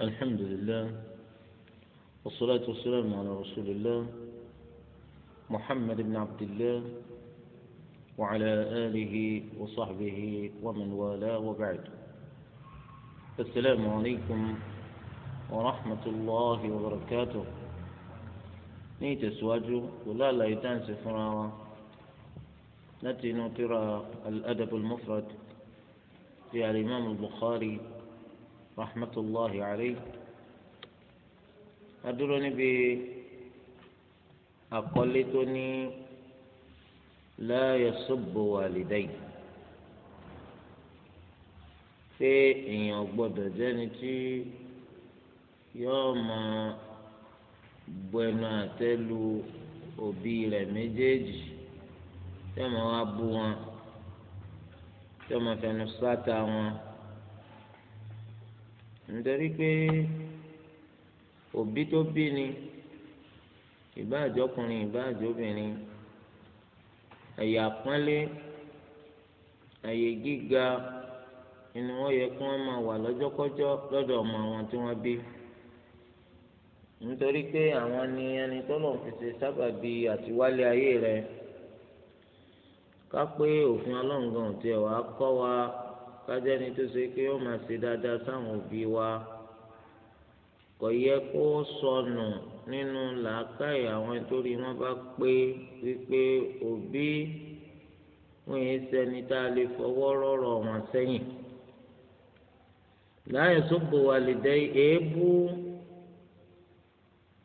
الحمد لله والصلاة والسلام على رسول الله محمد بن عبد الله وعلى آله وصحبه ومن والاه وبعد السلام عليكم ورحمة الله وبركاته نيت ìtẹ̀síwájú ولا لا يتنسى à نتي نترى الأدب المفرد في الإمام البخاري rahmatulahi alayhi adúró níbi àkọlé tó ní la yasubbu walidayi pé èèyàn gbọ́dọ̀ jẹ́ni tí yóò lu òbí rẹ méjèèjì te wọ́n máa wọn fẹnu sáta wọn. nítorí pé òbí tó bí ni ìbá àjọkùnrin ìbá àjọbìnrin àyè àpọ́nlé àyè gíga inú wọn yẹ kí wọn máa wà lọ́jọ́kọ́jọ́ lọ́dọ̀ ọmọ àwọn tí wọn bí nítorí pé àwọn ni ẹni tọ́lọ̀ fi ṣe sábàbí àtiwálé ayé rẹ̀ ká pé òfin ọlọ́run gan-an tiẹ̀ wá kọ́ wa. kájẹ́ ni tó ṣe pé ó máa ṣe dáadáa sáwọn òbí wa kò yẹ kó sọnù nínú làákàyè àwọn torí wọn bá pé wípé òbí wọn yẹn sẹni tá a lè fọwọ́ rọ̀rọ̀ wọn sẹ́yìn láyé sọ́gbọ̀ wà lè dẹ́ èébú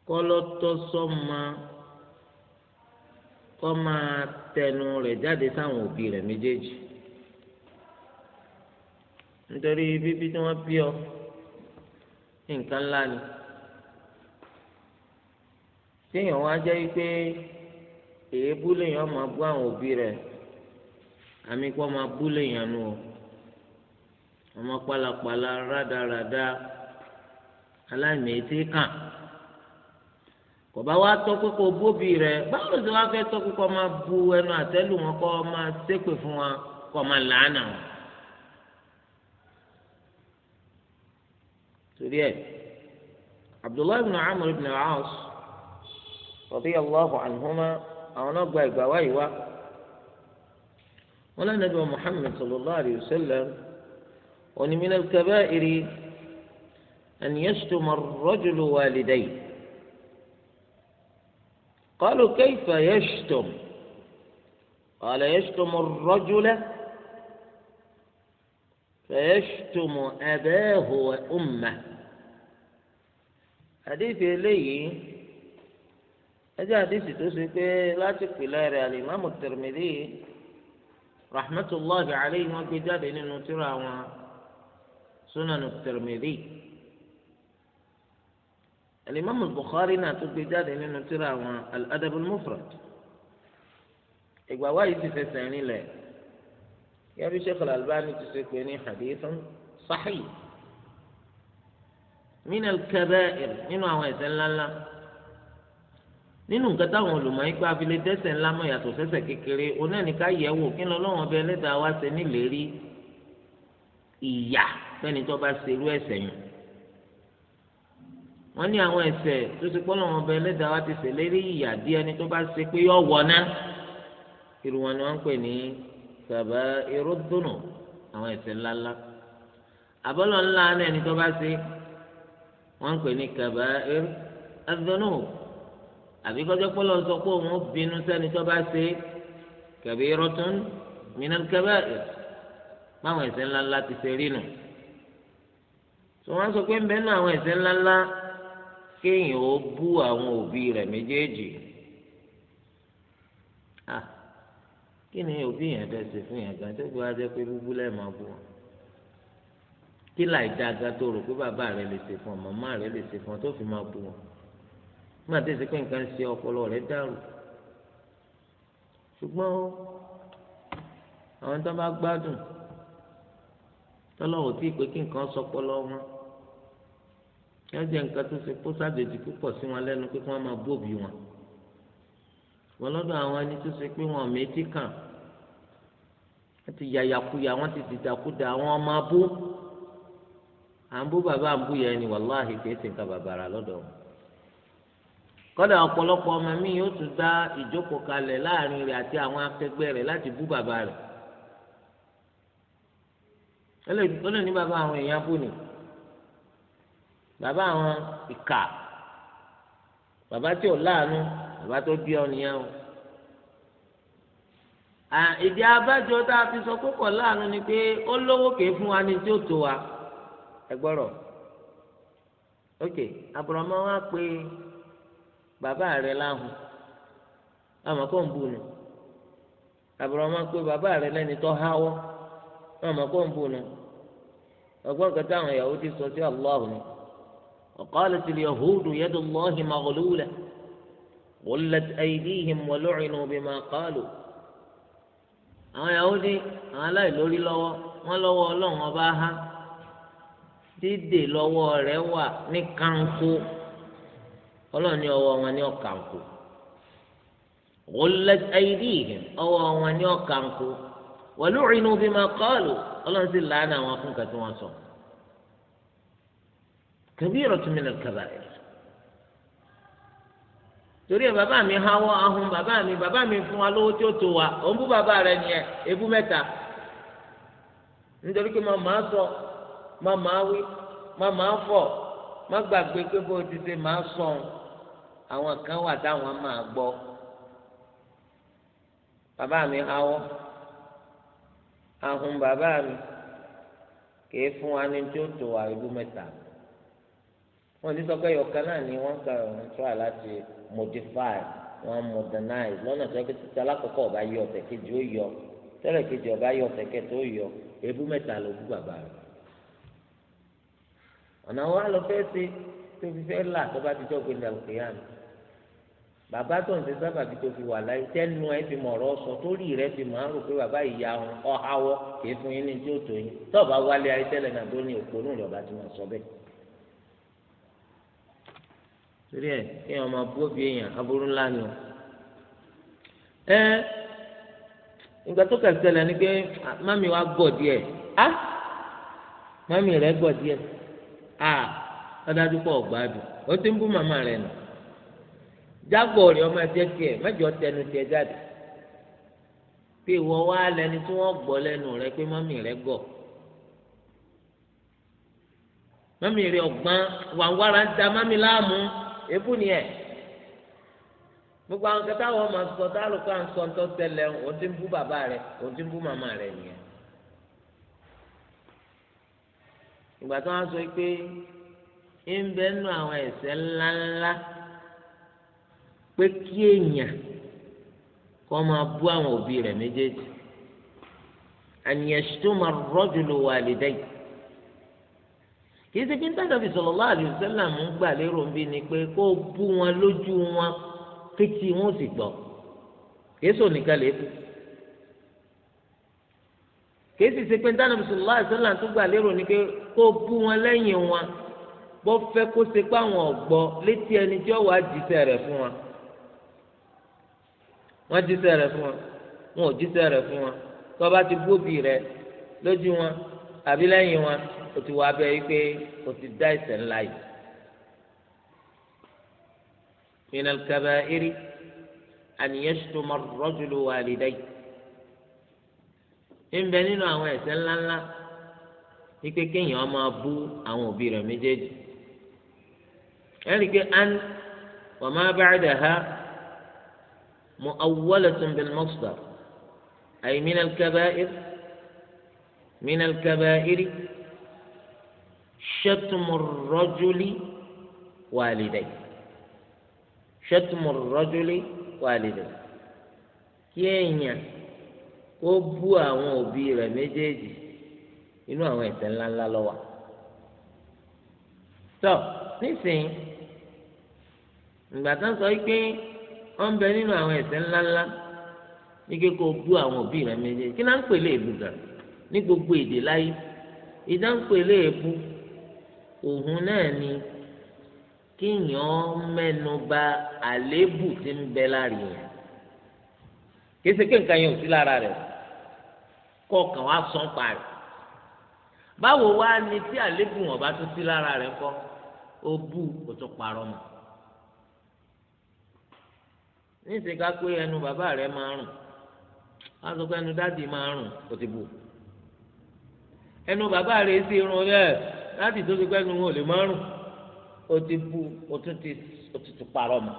kọ́lọ́tọ́ sọ́ma kọ́ máa tẹnu rẹ̀ jáde sáwọn òbí rẹ̀ méjèèjì. nítorí bíbí tí wọ́n bí ọ nǹkan ńlá ni téèyàn wá jẹ́ pé èébú lèèyàn máa bú àwọn òbí rẹ̀ àmì kó máa bú lèèyàn nù o ọmọ pálapàla rádaràda aláìmẹ̀tì kàn kò bá wá tọ́ pé kò bóbi rẹ̀ báwo ló ti wá fẹ́ tọ́ pé kò máa bu ẹnu àtẹ́lù wọn kó máa ṣépè fún wọn máa làánà سرياني عبد الله بن عمرو بن العاص رضي الله عنهما أو نبغى يقوى ولا ندعو محمد صلى الله عليه وسلم وأن من الكبائر أن يشتم الرجل والديه قالوا كيف يشتم قال يشتم الرجل فيشتم أباه وأمه حديث إليه هذا حديث تسيك لا تكفي لا الإمام الترمذي رحمة الله عليه وكتاب إنه ترى سنن الترمذي الإمام البخاري ناتو كتاب إنه ترى الأدب المفرد إقوى وايد في سنين yẹbi Sheikh Al-Albani حديث صحيح من الكبائر من sahih min al-kaba'ir nínú àwọn ẹ̀ṣẹ̀ ńláńlá nínú nǹkan táwọn olùmọ̀ yìí gba abilé dẹ́ṣẹ̀ ńlá mọ́ yàtọ̀ sẹ́ṣẹ̀ kékeré onáníká yẹ̀wò kí ni Ọlọ́run ọbẹ Ẹlẹ́dàá wá ṣe níléèrí ìyà fẹ́ni tó bá ṣerú ẹ̀ṣẹ̀ yìí wọ́n ní àwọn ẹ̀ṣẹ̀ tó ti pọ́ lọ́wọ́ ọbẹ Ẹlẹ́dàá wá ti ṣèlérí ìyà dí ẹni tó bá ṣe pé yọ wọ irú wọn ni wọ́n ń pè ní kàbá irú dùnú àwọn ẹ̀ṣẹ̀ ńláńlá àbọlọ ńlá náà ẹni tó bá ṣe wọn ń pè ní kàbá irú ẹdùnú àbí kọjá pọlọ sọ pé òun bínú sẹ́ni tó bá ṣe kàbí irú tún mìíràn kàbá irú báwọn ẹ̀ṣẹ̀ ńláńlá ti ṣe rí nù tó wọn sọ pé ń bẹ nínú àwọn ẹ̀ṣẹ̀ ńláńlá kéèyàn ó bú àwọn òbí rẹ̀ méjèèjì. kí ni òbí yẹn fẹ́ ṣe fún yẹn gan tó gbé wá jẹ́ pé búbú lẹ́ẹ̀ máa bú wọn kí láì dá aga tó rò pé bàbá rẹ lè ṣe fún ọ màmá rẹ lè ṣe fún ọ tó fi máa bú wọn má tẹ̀sí pé nǹkan ṣe ọpọlọ rẹ dàrú ṣùgbọ́n àwọn tó bá gbádùn tọ́lọ́wọ́ tí pé kí nǹkan sọpọlọ wọn kí wọ́n jẹ́ nǹkan tó ṣe kó sábẹ́jì púpọ̀ sí wọn lẹ́nu pé kí wọ́n máa bú wọn wọn lọ́dọ̀ àwọn ẹni tó ṣe pé wọn méjì kàn wọn ti yàyàkuyà wọn ti dìdàkudà àwọn ọmọ abú à ń bú bàbá àbú yẹn ni wàláhì kìí ṣe nǹkan bàbàrà lọ́dọ̀ wọn kọ́dà ọ̀pọ̀lọpọ̀ ọmọ mi yóò tún dá ìjókòó kalẹ̀ láàrin rẹ̀ àti àwọn akẹgbẹ́ rẹ̀ láti bú bàbá rẹ̀ ó lè ní bàbá àwọn èèyàn bù ní bàbá àwọn ìkà bàbá tí ò láàánú àbá tó bí ọ nìyẹn o ìdí abájọ tá a fi sọ púpọ̀ láàánú ni pé ó lówó kéé fún wa ní tí ó tó wa ẹ gbọ́rọ̀ ok àbùrọ̀mọ́ wa pé bàbá rẹ̀ láhùn àmọ́ kò ń bù nù àbùrọ̀mọ́ pé bàbá rẹ̀ lẹ́ni tó háwọ́ àmọ́ kò ń bù nù ọgbọ́n غلت أيديهم ولعنوا بما قالوا àwọn Yahudi àwọn aláìlórí lọ́wọ́ wọn lọ́wọ́ Ọlọ́run ọba ha dídè lọ́wọ́ rẹ̀ wà ní kanko Ọlọ́run ní ọwọ́ wọn ní ọkanko غلت أيديهم ọwọ́ wọn ní ọkanko ولعنوا بما قالوا Ọlọ́run sì làánà wọn fún wọn sọ كبيرة من الكبائر torí ẹ bàbá mi hawọ́ ahun bàbá mi bàbá mi fún wa lówó tí ó tó wa òun bú bàbá rẹ nìyẹn ebú mẹ́ta nítorí pé màmá sọ màmá wí màmá fọ má gbàgbé pé bó ti ṣe màá sọ àwọn kan wà táwọn máa gbọ́ bàbá mi hawọ́ ahun bàbá mi kì í fún wa ní tí ó tó wa ebú mẹ́ta wọn ní sọpẹ́ yọkan náà ni wọ́n kà wọ́n try láti modify wọ́n modernize lọ́nà tó kí títí alákọ̀ọ́kọ́ ọba yọ ọ̀sẹ̀ kejì ó yọ tẹ́lẹ̀ kejì ọba yọ ọ̀sẹ̀ kẹta ó yọ ebú mẹ́ta ló bú bàbá rẹ̀ ọ̀nà wa lọ fẹ́ ṣe tó fi fẹ́ là tó bá ti jọ́ gbé ndàlùkè yá mi bàbá tó ń ṣe sábà bí tó fi wà láyé tẹnu ẹ fi mọ̀ ọ̀rọ̀ sọ torí rẹ fi máa ń pé bàbá ìyá ọ̀háwọ́ kì í fún yín ní tí ó tó yín tó wálé ayé tẹ́lẹ̀ náà tó ní òpó náà lọ́ba ti máa sọ bẹ́ẹ̀. torí ẹ kí wọn máa bú òbí èèyàn aburú ńlá ni o ẹ ìgbà tó kà ni mami wa gbọ̀ díẹ̀ á mami rẹ̀ gbọ̀ díẹ̀ á ọdájú pọ̀ ọ̀gbádùn ó ti ń bú màmá rẹ̀ nù jágbọ̀ rẹ̀ ọmọ ẹ̀jẹ̀ tiẹ̀ mẹ́jọ tẹnu tiẹ̀ jáde pé ìwọ wá lẹni tí wọ́n gbọ́ lẹ́nu mami rẹ̀ gọ̀ mami rẹ̀ ọ̀gbọ́n ń mami láàmú. èébú ni ẹ̀ gbogbo àwọn kẹta wọn máa sọ tá àlùkò à ń sọ ńtọ́ tẹ́lẹ̀ òun ti ń bú bàbá rẹ̀ òun ti ń bú màmá rẹ̀ nìyẹn. ìgbà tí wọ́n sọ pé ń bẹ nù àwọn ẹ̀ṣẹ̀ ńláńlá pé kí èèyàn kó máa bú àwọn òbí rẹ̀ méjèèjì an yashtuma ar-rajulu walidayhi kì í ṣe kí n tàbí sallallahu alaihi wasallam ń gbà lérò ń bí ni pé kó bú wọn lójú wọn kétí wọn ò sì gbọ́ kì í sọ nìkan lè kì í sì ṣe pé tàbí sallallahu alaihi wasallam tó gbà lérò ni pé kó bú wọn lẹ́yìn wọn bó fẹ́ kó ṣe pé àwọn ọ̀gbọ́ létí ẹni tí ó wà jíṣẹ́ rẹ̀ fún wọn wọ́n jíṣẹ́ rẹ̀ fún wọn wọn ò jíṣẹ́ rẹ̀ fún wọn tó o ti wá bẹ́ẹ̀ yí pé o ti dá ẹ̀ṣẹ̀ ńlá yìí. من الكبائر أن يشتم الرجل والديه ń bẹ nínú àwọn ẹ̀ṣẹ̀ ńláńlá wípé kéèyàn máa bú àwọn òbí rẹ̀ méjèèjì ẹnìké pé an wa ma ba'daha mu'awwalatun bil masdar ayi min kaba kabair min kaba kabairi ṣẹtùmù rọjòlì wàlìdẹ ṣẹtùmù rọjòlì wàlìdẹ kí èèyàn kó bú àwọn òbí rẹ̀ méjèèjì inú àwọn ẹ̀ṣẹ̀ ńláńlá ló wà tọ nísìnyí ìgbà tó ń sọ pé wọn bẹ nínú àwọn ẹ̀ṣẹ̀ ńláńlá ní kí kó bú àwọn òbí rẹ̀ méjèèjì kí náà ń pèlè èbú gan ní gbogbo èdè láyé ìdá ń pèlè èbú òun náà ni kéèyàn mẹ́nu bà àléébù tí ń bẹ lára yẹn kése kí nǹkan yẹn ò sí lára rẹ̀ kọkàn wá sàn pa rẹ̀ báwo wá ni tí àléébù wọn bá tún sí lára rẹ̀ kọ́ ó bú kó tó parọ́ mọ́ níṣẹ́ ká pé ẹnu bàbá rẹ̀ máa rùn wọ́n sọ pé ẹnu dáàdi máa rùn kó ti bù ẹnu bàbá rẹ̀ sí irun yẹn láti tó ti pẹ́ nu wọn ò lè márùn ó ti bu ó ti ó parọ́ mọ́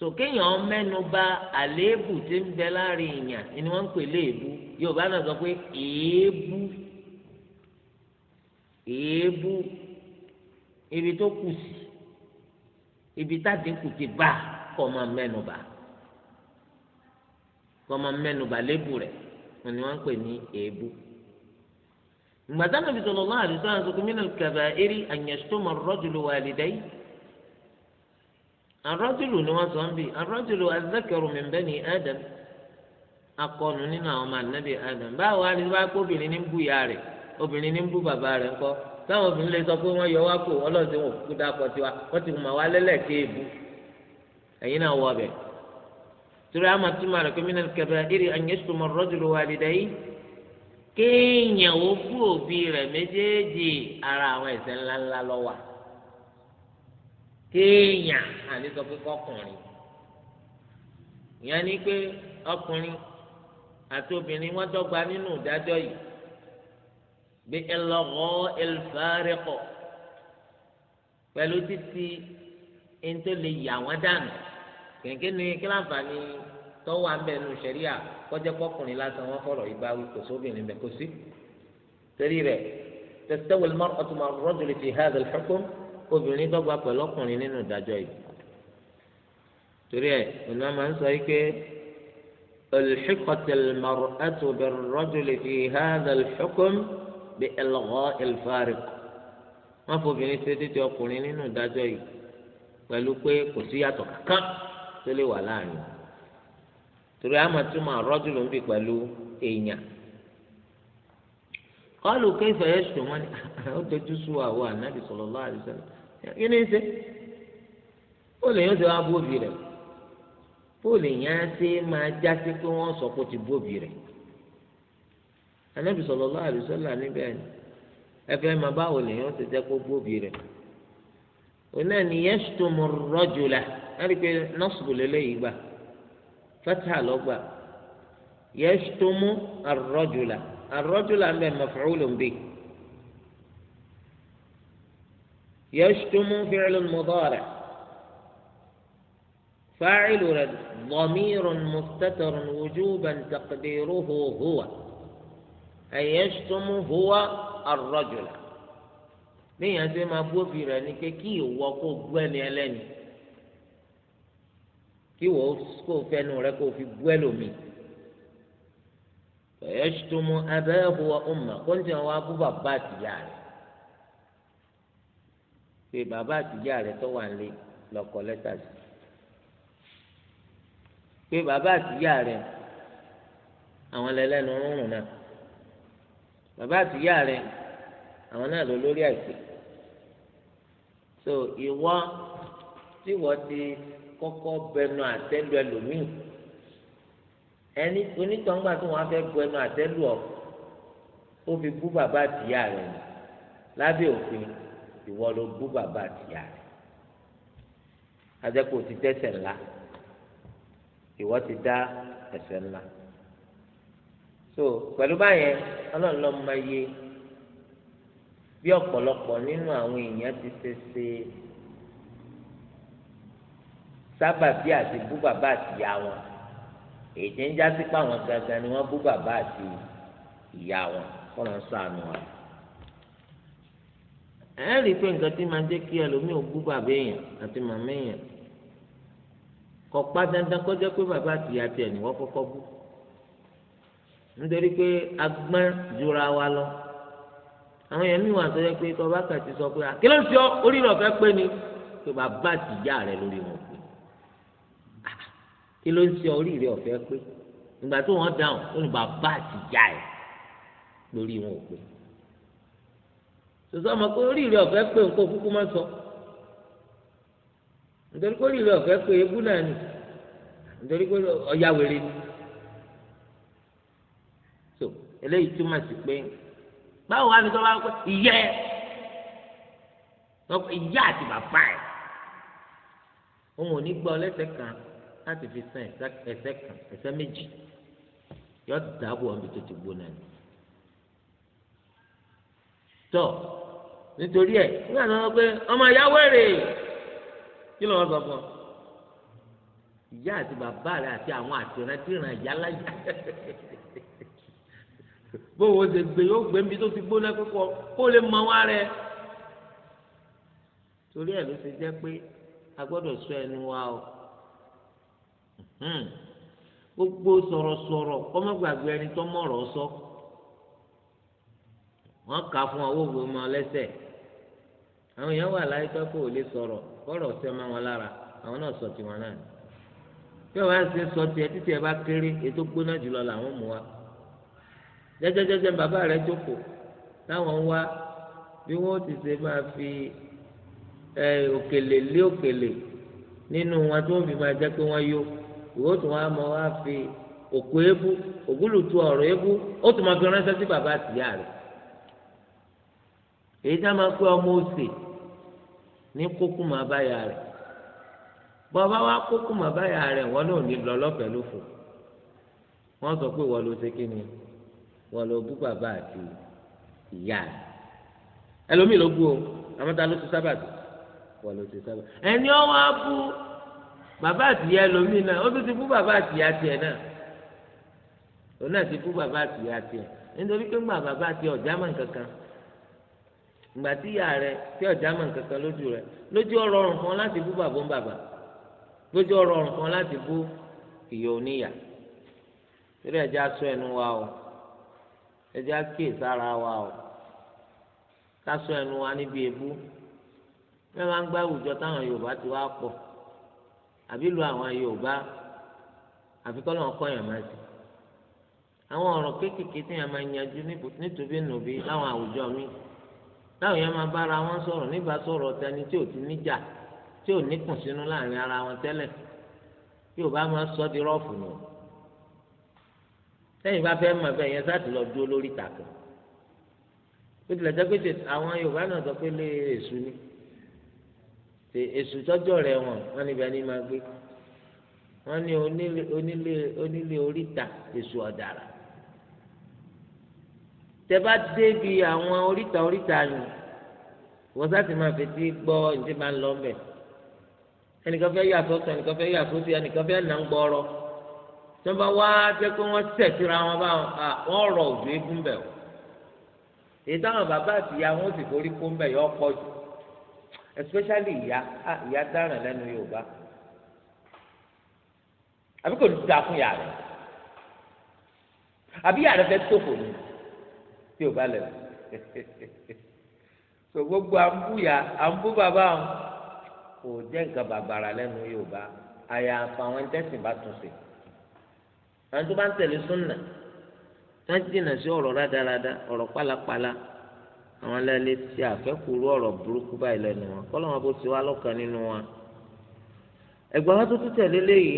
so kéèyàn mẹ́nu bà àléébù tí ń bẹ láàrin èèyàn ni wọ́n ń pè léèbù yorùbá náà sọ pé èébù èébù ibi tó kù sí ibi tádínkù ti bá kọ́ máa mẹ́nu bà kọ́ máa mẹ́nu bà léèbù rẹ̀ ni wọ́n ń pè ní èébù. E gbàtà nàbì sallallahu alaihi wasallam sọkún minal kaba'iri an yashtuma ar-rajulu walidayhi ar-rajulu ni wọ́n sọ ń bì Adam akọnu Adam báwo wá ní wáá obìnrin lè sọ pé wọ́n yọ wá kó tiwa ti wá náà wọ torí àwọn àtúmọ̀ kéèyàn ó bú òbí rẹ̀ méjèèjì ara àwọn ẹ̀ṣẹ̀ ńláńlá ló wà kéèyàn àti sọ pé kọkùnrin ìyẹn ni pé ọkùnrin àti obìnrin wọ́n dọ́gba nínú ìdájọ́ yìí bí ẹlọgọ ẹlfàárẹkọ pẹ̀lú títí ẹni tó lè yà wọ́n dànù kẹ̀kẹ́ ni kí láǹfààní tọ́wọ́ àbẹ̀nú ṣẹ̀ríà kọjá kọkùnrin lásán wọn fọ̀rọ̀ ìgbà wí kò sóbìnrin bẹ kò sí torí rẹ̀ tẹsítẹwò lè má ọtún máa rọjò lè fi hàdà lẹkọọ obìnrin dọ́gba pẹ̀lú ọkùnrin nínú ìdájọ́ yìí torí ẹ̀ ìnáwó máa ń sọ yìí pé الحقت المرأة بالرجل في هذا الحكم بإلغاء الفارق wọ́n fobìnrin ṣe títí ọkùnrin nínú ìdájọ́ yìí pẹ̀lú pé kò síyàtọ̀ kankan tó lè wà láàrin wọn. torí àmọ́ tí mo rọ́jú ló ń bì pẹ̀lú èèyàn kọlù yẹ sùn wọn ni ó dojú sú àwọn ànábì sallallahu alaihi wasallam kí ni ṣe ó lè yàn ṣe wá bóbi rẹ ó lè yàn ṣe máa já sí pé wọn sọ pé ó ti bóbi rẹ ànábì sallallahu alaihi wasallam níbẹ̀ ni ẹfẹ máa báwo lè yàn ṣe kó bóbi rẹ ni yẹ sùn mọ rọjò la فتحة لغة يشتم الرجل الرجل أمر مفعول به يشتم فعل مضارع فاعل رد ضمير مستتر وجوبا تقديره هو أي يشتم هو الرجل ní ìyànjú máa bófin rẹ̀ راني kékeré ìwọ́kọ̀ gbẹ́ni kí wọ́n kó fẹ́nu rẹ kó fi bú ẹlòmíì ẹ̀yẹ́sùtùmù abẹ́ẹ̀hu wa ọmọ kó ń tẹ̀ wá bú bàbá àtìyá rẹ̀ pé bàbá àtìyá rẹ̀ tó wà nílé lọ́kọ̀ lẹ́tà sí pé bàbá àtìyá rẹ̀ àwọn lẹ́lẹ́nu rúnrún náà bàbá àtìyá rẹ̀ àwọn náà ló lórí àìsè so ìwọ tí wọ́n ti kọ́kọ́ bẹnu àtẹ́lu ẹlòmíì ẹni onítọ̀ǹgbà tó wọn fẹ́ bu ẹnu àtẹ́lu ọ ó fi bú bàbá àtìyá rẹ̀ ni lábẹ́ òfin ìwọ ló bú bàbá àtìyá rẹ̀ adẹ́kọ̀ ti dẹ́ṣẹ̀ ńlá ìwọ ti dá ẹ̀ṣẹ̀ ńlá so pẹ̀lú báyẹn ọlọ́run ló máa yé bí ọ̀pọ̀lọpọ̀ nínú àwọn èèyàn ti ṣe ṣe sábà bí àti bú bàbá àti ìyá wọn èdè ń já sí páwọn gangan ni wọ́n bú bàbá àti ìyá wọn kọ́ lọ́n sànù wọn. ẹ rí i pé nǹkan tí máa jẹ́ kí ẹlòmíì ò bú bàbá èèyàn àti màmá èèyàn kò pa dandan kó jẹ́ pé bàbá àti ìyá tiẹ̀ ni wọ́n kọ́kọ́ bú nítorí pé agbọ́n jura wa lọ àwọn èèyàn níwọ̀n àtọ́jọ́ pé tọ́ba kà ti sọ pé àkílọ́sọ orí rẹ̀ ọ̀fẹ́ pé ni pé bàbá àti ìyá rẹ̀ lórí wọn kí ló ń ṣe orí rẹ ọ̀fẹ́ pé ìgbà tó wọ́n dáhùn ó ní bàbá àti ẹ̀ lórí wọn ò pé sọsọ ọmọ pé orí ọ̀fẹ́ pé nǹkan kúkú má sọ nítorí pé orí ọ̀fẹ́ pé ebú náà nì nítorí pé ọ̀yà wèrè ni so eléyìí túmọ̀ sí pé báwo wá ní sọ wá pé ìyẹ́ ìyá àti bàbá ẹ̀ òun ò ní gbọ́ lẹ́sẹ̀ kan láti fi san ẹsẹ̀ kan ẹsẹ̀ méjì yọ dàbò ọ̀nbi tó ti gbóná ni. tọ́ nítorí ẹ̀ nígbà tó ń sọ pé ọmọ ìyáwó èrè kí ló ń sọ fún ọ. ìyá àti bàbá rẹ àti àwọn àtìrántìrán ìyá láyà bówó ṣe gbé yóò gbé níbi tó ti gbóná kókó kó lè mọ wá rẹ. torí ẹ̀ ló ṣe jẹ́ pé a gbọ́dọ̀ sọ ẹnu wa o. Hmm. gbogbo sọ̀rọ̀sọ̀rọ̀ kọ́mọ́gbàgbé ẹni tó mọ̀rọ̀ sọ wọ́n kà fún àwọn òwe ọmọ lẹ́sẹ̀ àwọn èèyàn wà láyé tó kó o lè sọ̀rọ̀ kọ́rọ̀ sí wọn lára àwọn náà sọ tiwọn náà ni bí wọn bá ń ṣe sọ títí ẹ bá kéré ètò gbóná jùlọ làwọn mú wa jẹjẹjẹjẹ bàbá rẹ jókòó táwọn wá bí wọn ti ṣe fi òkèlè lé òkèlè nínú wọn tí ma fi máa jẹ ìwọ tún wá mọ wá fi òkú ebú ògúlùtù ọ̀rọ̀ ebú ó tún máa fi ránṣẹ́ sí bàbá àtìyá rẹ̀ èyí tá a máa pé ọmọ òsè ní kókó máa bá ya rẹ̀ wa kókó máa bá ya rẹ̀ wọn náà ní lọ lọ́fẹ̀ẹ́ ló fò wọ́n sọ pé wọ́n ló ṣe kí ni wọ́n ló bú bàbá àti ìyá rẹ̀ ẹlòmíì ló bú o àwọn ló ti sábà dùn wọ́n ló ti sábà ẹni ọwọ́ á bú bàbá àtìyá ẹlòmíì náà ó tún ti fún bàbá àtìyá tiẹ̀ náà òun náà ti fún bàbá àtìyá tiẹ̀ nítorí pé ńgbà bàbá àti ọ̀já mọ̀ nǹkankan ńgbà tí ìyá rẹ tí ọ̀já mọ̀ nǹkankan lójú rẹ lójú ọ̀rọ̀ ọ̀rùn kan láti bú bàbá ń bàbá lójú ọ̀rọ̀ ọ̀rùn kan láti bú ìyá oníyà torí ẹ̀jẹ̀ aṣọ ẹnu wa o ẹ̀jẹ̀ akéè sára wa o kásọ ẹnu wa níbi ebú ẹ máa ń gbá àwùjọ táwọn Yorùbá ti wá pọ̀ àbí lu àwọn Yorùbá àfi kọ́ lọ́n kọ́ yàn máa sí àwọn ọ̀rọ̀ kéékèèké tí yàn máa yanjú nítorí nùbí láwọn àwùjọ mi láwọn yẹn máa bára wọn sọ̀rọ̀ nígbà sọ̀rọ̀ tani tí ò ti níjà tí ò ní kùn sínú láàrin ara wọn tẹ́lẹ̀ Yorùbá máa sọ di rọ́ọ̀fù nù sẹ́yìn bá fẹ́ mọ̀ bẹ́ẹ̀ yẹn sáà lọ dúró lórí ìtàkùn ó jẹ́ pé àwọn Yorùbá náà sọ pé lé èṣù ni ṣe èṣù tọ́jọ́ rẹ̀ wọ̀n wọ́n níbi ẹni máa gbé wọ́n ní onílé oríta èṣù ọ̀dàrà tẹ bá débi àwọn oríta oríta yìí wọ́n sáà ti máa fetí gbọ́ ní ti máa ń lọ bẹ̀ ẹnìkan fẹ́ yà sọ́tọ̀ ẹnìkan fẹ́ yà sósì ẹnìkan fẹ́ nà ń gbọ́rọ̀ tí wọ́n bá wá jẹ́ pé wọ́n tẹ̀síra wọn bá wọn rọ̀ òjò eégún bẹ̀ o èyí táwọn bàbá àtìyá wọn sì forí kó ń bẹ̀ yọ ọkọ̀ jù especially ìyá ìyá dáràn lẹ́nu yorùbá àbí kò dáa fún ìyá rẹ̀ àbí ìyá rẹ̀ fẹ́ tófò ní tí ò bá lẹ̀ so gbogbo àǹbúyà àǹbú bàbá àwọn kò jẹ́ nǹkan bàbàrà lẹ́nu yorùbá àyàfà àwọn ẹ̀ńtẹ́sìn bá tún sí àwọn tó bá ń tẹ̀lé súnà tó ń jìnnà sí ọ̀rọ̀ rádaràda ọ̀rọ̀ pálapàla àwọn lẹ́lẹ́ tí àfẹ́kùrú ọ̀rọ̀ burúkú báyìí lẹ́nu wọn kọ́ lọ́wọ́ bó ti wá lọ́kàn nínú wọn. ẹ̀gbà wa tó tún tẹ̀lé léyìí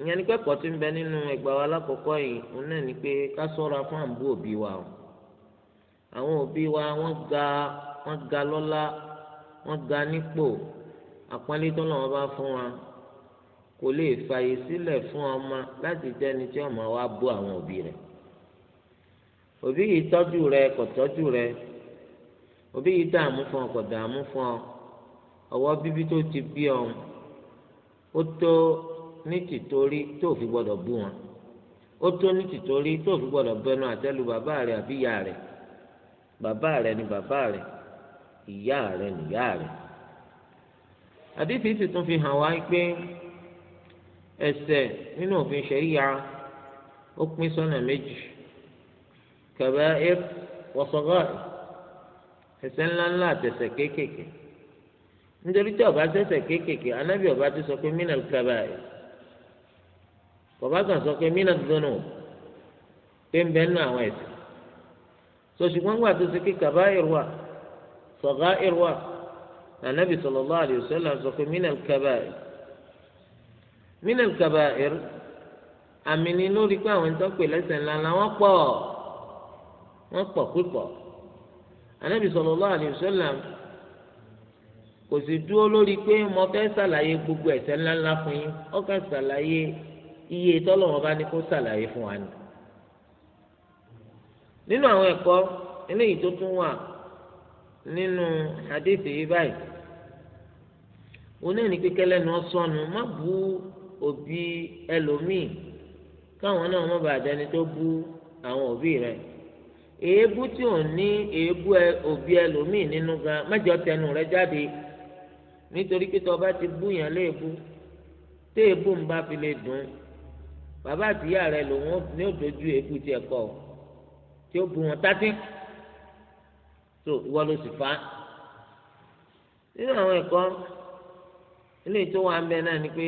ìyẹn ni pẹ́pọ̀ tí ń bẹ nínú ẹ̀gbà wa lákọ̀ọ́kọ́ yìí òun náà ni pé ká sọ́ra fún àǹbù òbí wa o àwọn òbí wa wọ́n ga wọ́n ga lọ́lá wọ́n ga nípò àpọ́nlé tó lọ́wọ́ bá fún wa kò lè fààyè sílẹ̀ fún ọmọ láti jẹ́ni tí ọmọ wa bú àwọn òbí rẹ̀ òbí yìí tọ́jú rẹ̀ kò tọ́jú rẹ̀ òbí yìí dààmú fún ọ kò dààmú fún ọ ọwọ́ bíbí tó ti bí ọ ó tó ní tìtorí tó fi gbọ́dọ̀ bú wọn ó tó ní tìtorí tó fi gbọ́dọ̀ bẹnu àtẹ́lu bàbá rẹ àbí ìyá rẹ bàbá rẹ ni bàbá rẹ ìyá rẹ ni ìyá rẹ àdìsí sì tún fi hàn wá pé ẹsẹ̀ nínú òfin ṣẹ̀ríya ó pín sọ́nà méjì kaba'ir wa sagha'ir ẹ̀ṣẹ̀ ńláńlá àtẹ̀ṣẹ̀ kéékèèké nítorí tí ọba ṣẹ̀ṣẹ̀ kéékèèké anábì ọba ti sọ pé mínà kábà ẹ bàbá kan sọ pé mínà dùnú pé ń bẹ nínú àwọn ẹ̀ṣẹ̀ sọ ṣùgbọ́n gbà tó ṣe kíkà bá ìrùwà sọgá ìrùwà anábì sallallahu alaihi wasallam sọ pé mínà kábà ẹ mínà kábà ẹ àmì ni lórí pé àwọn ìtọ́pẹ̀ lẹ́ṣẹ̀ ńláńlá wọ́n pọ̀ wọ́n pọ̀ pípọ̀ anabi sallallahu alayhi wa sallam kò sì dúró lórí pé mo fẹ́ ṣàlàyé gbogbo ẹ̀ṣẹ̀ ńláńlá fún yín ó kàn ṣàlàyé iye tọ́lọ́wọ́n bá ní kó ṣàlàyé fún wa ni. nínú àwọn ẹ̀kọ́ eléyìí tó tún wà nínú hadithi yìí báyìí oní ẹnìkékẹ́ lẹ́nu ọ̀sọ́nu má bu òbí ẹlòmíì káwọn náà má bàa dẹni tó bu àwọn òbí rẹ̀ èébú tí ò ní èébú òbí ẹlòmíì nínú gan mẹjọ tẹnu rẹ jáde nítorí pé tó bá ti bú yẹn léèbú tó èébú ń bá fi lè dùn bàbá àtìyá rẹ lòun ní ó dojú èébú tiẹ̀ kọ tí ó bu wọn tátí tó ìwọ ló sì fa nínú àwọn ẹ̀kọ́ ilé tó wà ń bẹ náà ni pé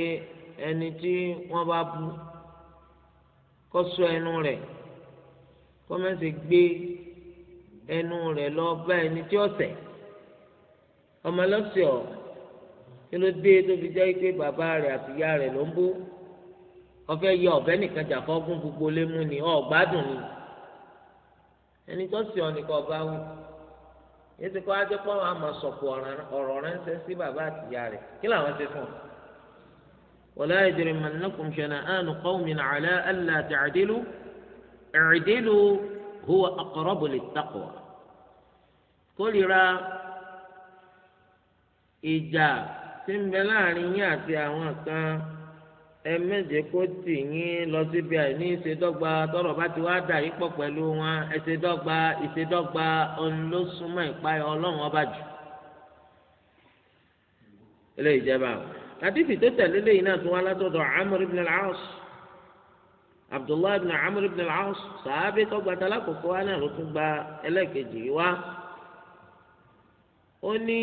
ẹni tí wọ́n bá bú kó sọ ẹnu rẹ̀ kọ́mẹ́sì gbé ẹnu rẹ̀ lọ bá ẹni tí ọ̀sẹ̀ ọmọ lọ́sẹ̀ ọ̀ kí ló dé tó fi jẹ́ pé bàbá rẹ̀ àti ìyá rẹ̀ ló ń bó ọfẹ́ yọ ọ̀bẹ nìkan jà fọ́gún gbogbo lé ni ọ̀ gbádùn ni ẹni tó sì nìkan ọba wù yéésì kọ́ ajẹ́ pọ́ àmọ̀ sọ̀kù ọ̀rọ̀ ránṣẹ́ sí bàbá àti ìyá rẹ̀ kí làwọn ṣe fún un. wala yajrimannakum shana'anu qawmin ala alla ta'dilu i'dilu huwa aqrabu lit-taqwa kórìíra ìjà tí ń bẹ láàrin yín àti àwọn kan ẹ méje kó tì yín lọ síbi àìní ìṣèdọ́gba tọ́rọ̀ bá ti wá dà yín pọ̀ pẹ̀lú wọn ìṣèdọ́gba ìṣèdọ́gba ọlọ́sùnmọ́ ìpayà ọlọ́run ọba jù eléyìí jẹba àdìsí tó tẹ̀lé lẹ́yìn náà tún wá látọ̀dọ̀ Amr ibn al abdullahi ibn amr ibn al-aws sàábì tó gbàtà lákòókò wa náà ló tún gba ẹlẹ́kejì wá ó ní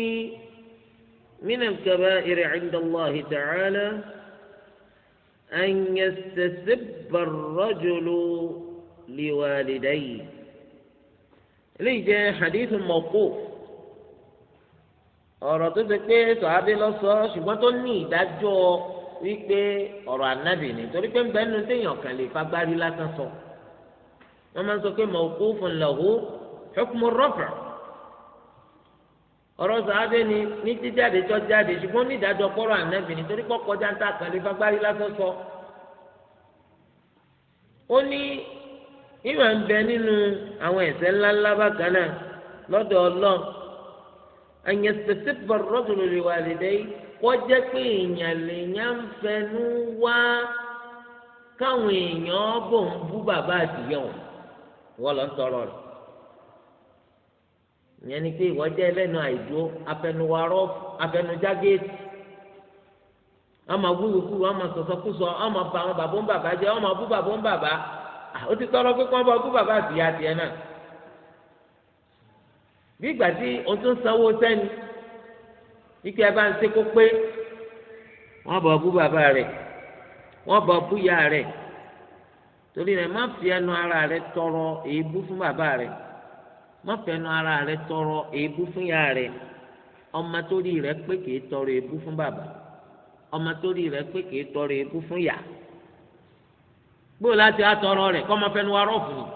minna al-kaba'ir 'inda Allah ta'ala an yastasibba ar-rajulu liwalidayhi eléyìí jẹ́ hadith mawquf ọ̀rọ̀ tó ti pé sàábì ló sọ ṣùgbọ́n tó ní ìdájọ́ wípé ọ̀rọ̀ ànábì ni torí pé nbẹ nínú téèyàn kàn lè fagbárí lásán sọ wọn máa ń sọ pé mawqufun lahu hukmu rafa' ọ̀rọ̀ sàábẹ ni ní jíjáde tó jáde ṣùgbọ́n onídàájọ́ pọrọ ànábì ni torí pé kọjá kàn lè fagbárí lásán sọ ó ní ìmọ̀ ń bẹ nínú àwọn ẹ̀ṣẹ̀ ńláńlá bákan náà lọ́dọ̀ ọlọ́ọ̀ an yastatabba kọjá pé èèyàn lèèyàn ń fẹnu wá káwọn èèyàn bò ń bú bàbá àdìyẹ wọn lọ ń tọrọ rẹ ìyẹn ni pé ìwọ jẹ ẹlẹ́nu àìdúró afẹnuwarọ afẹnujágéètì ọmọ wúlùkúlù ọmọ sọsọkúsọ ọmọ bá wọn bàbá ń bàbá jẹ ọmọ bú bàbá ń bàbá ó ti tọrọ pé kọ́ bú bàbá àdìyẹ àdìyẹ náà bí ìgbà tí o tún sanwó sẹ́ni ikú ẹ bá ń ṣe kó pé wọ́n bọ̀ bú bàbá rẹ̀ wọ́n bọ̀ bú ìyá rẹ̀ torí rẹ̀ má fi ẹnu ara rẹ̀ tọrọ èébú fún bàbá rẹ̀ má fi ẹnu ara rẹ̀ tọrọ èébú fún ìyá rẹ̀ ọmọ torí rẹ̀ pé kìí tọrọ èébú fún bàbá ọmọ torí rẹ̀ pé kìí tọrọ èébú fún ìyá gbóò láti àtọrọ rẹ̀ kọ́ máa fẹnu arọ́ fún un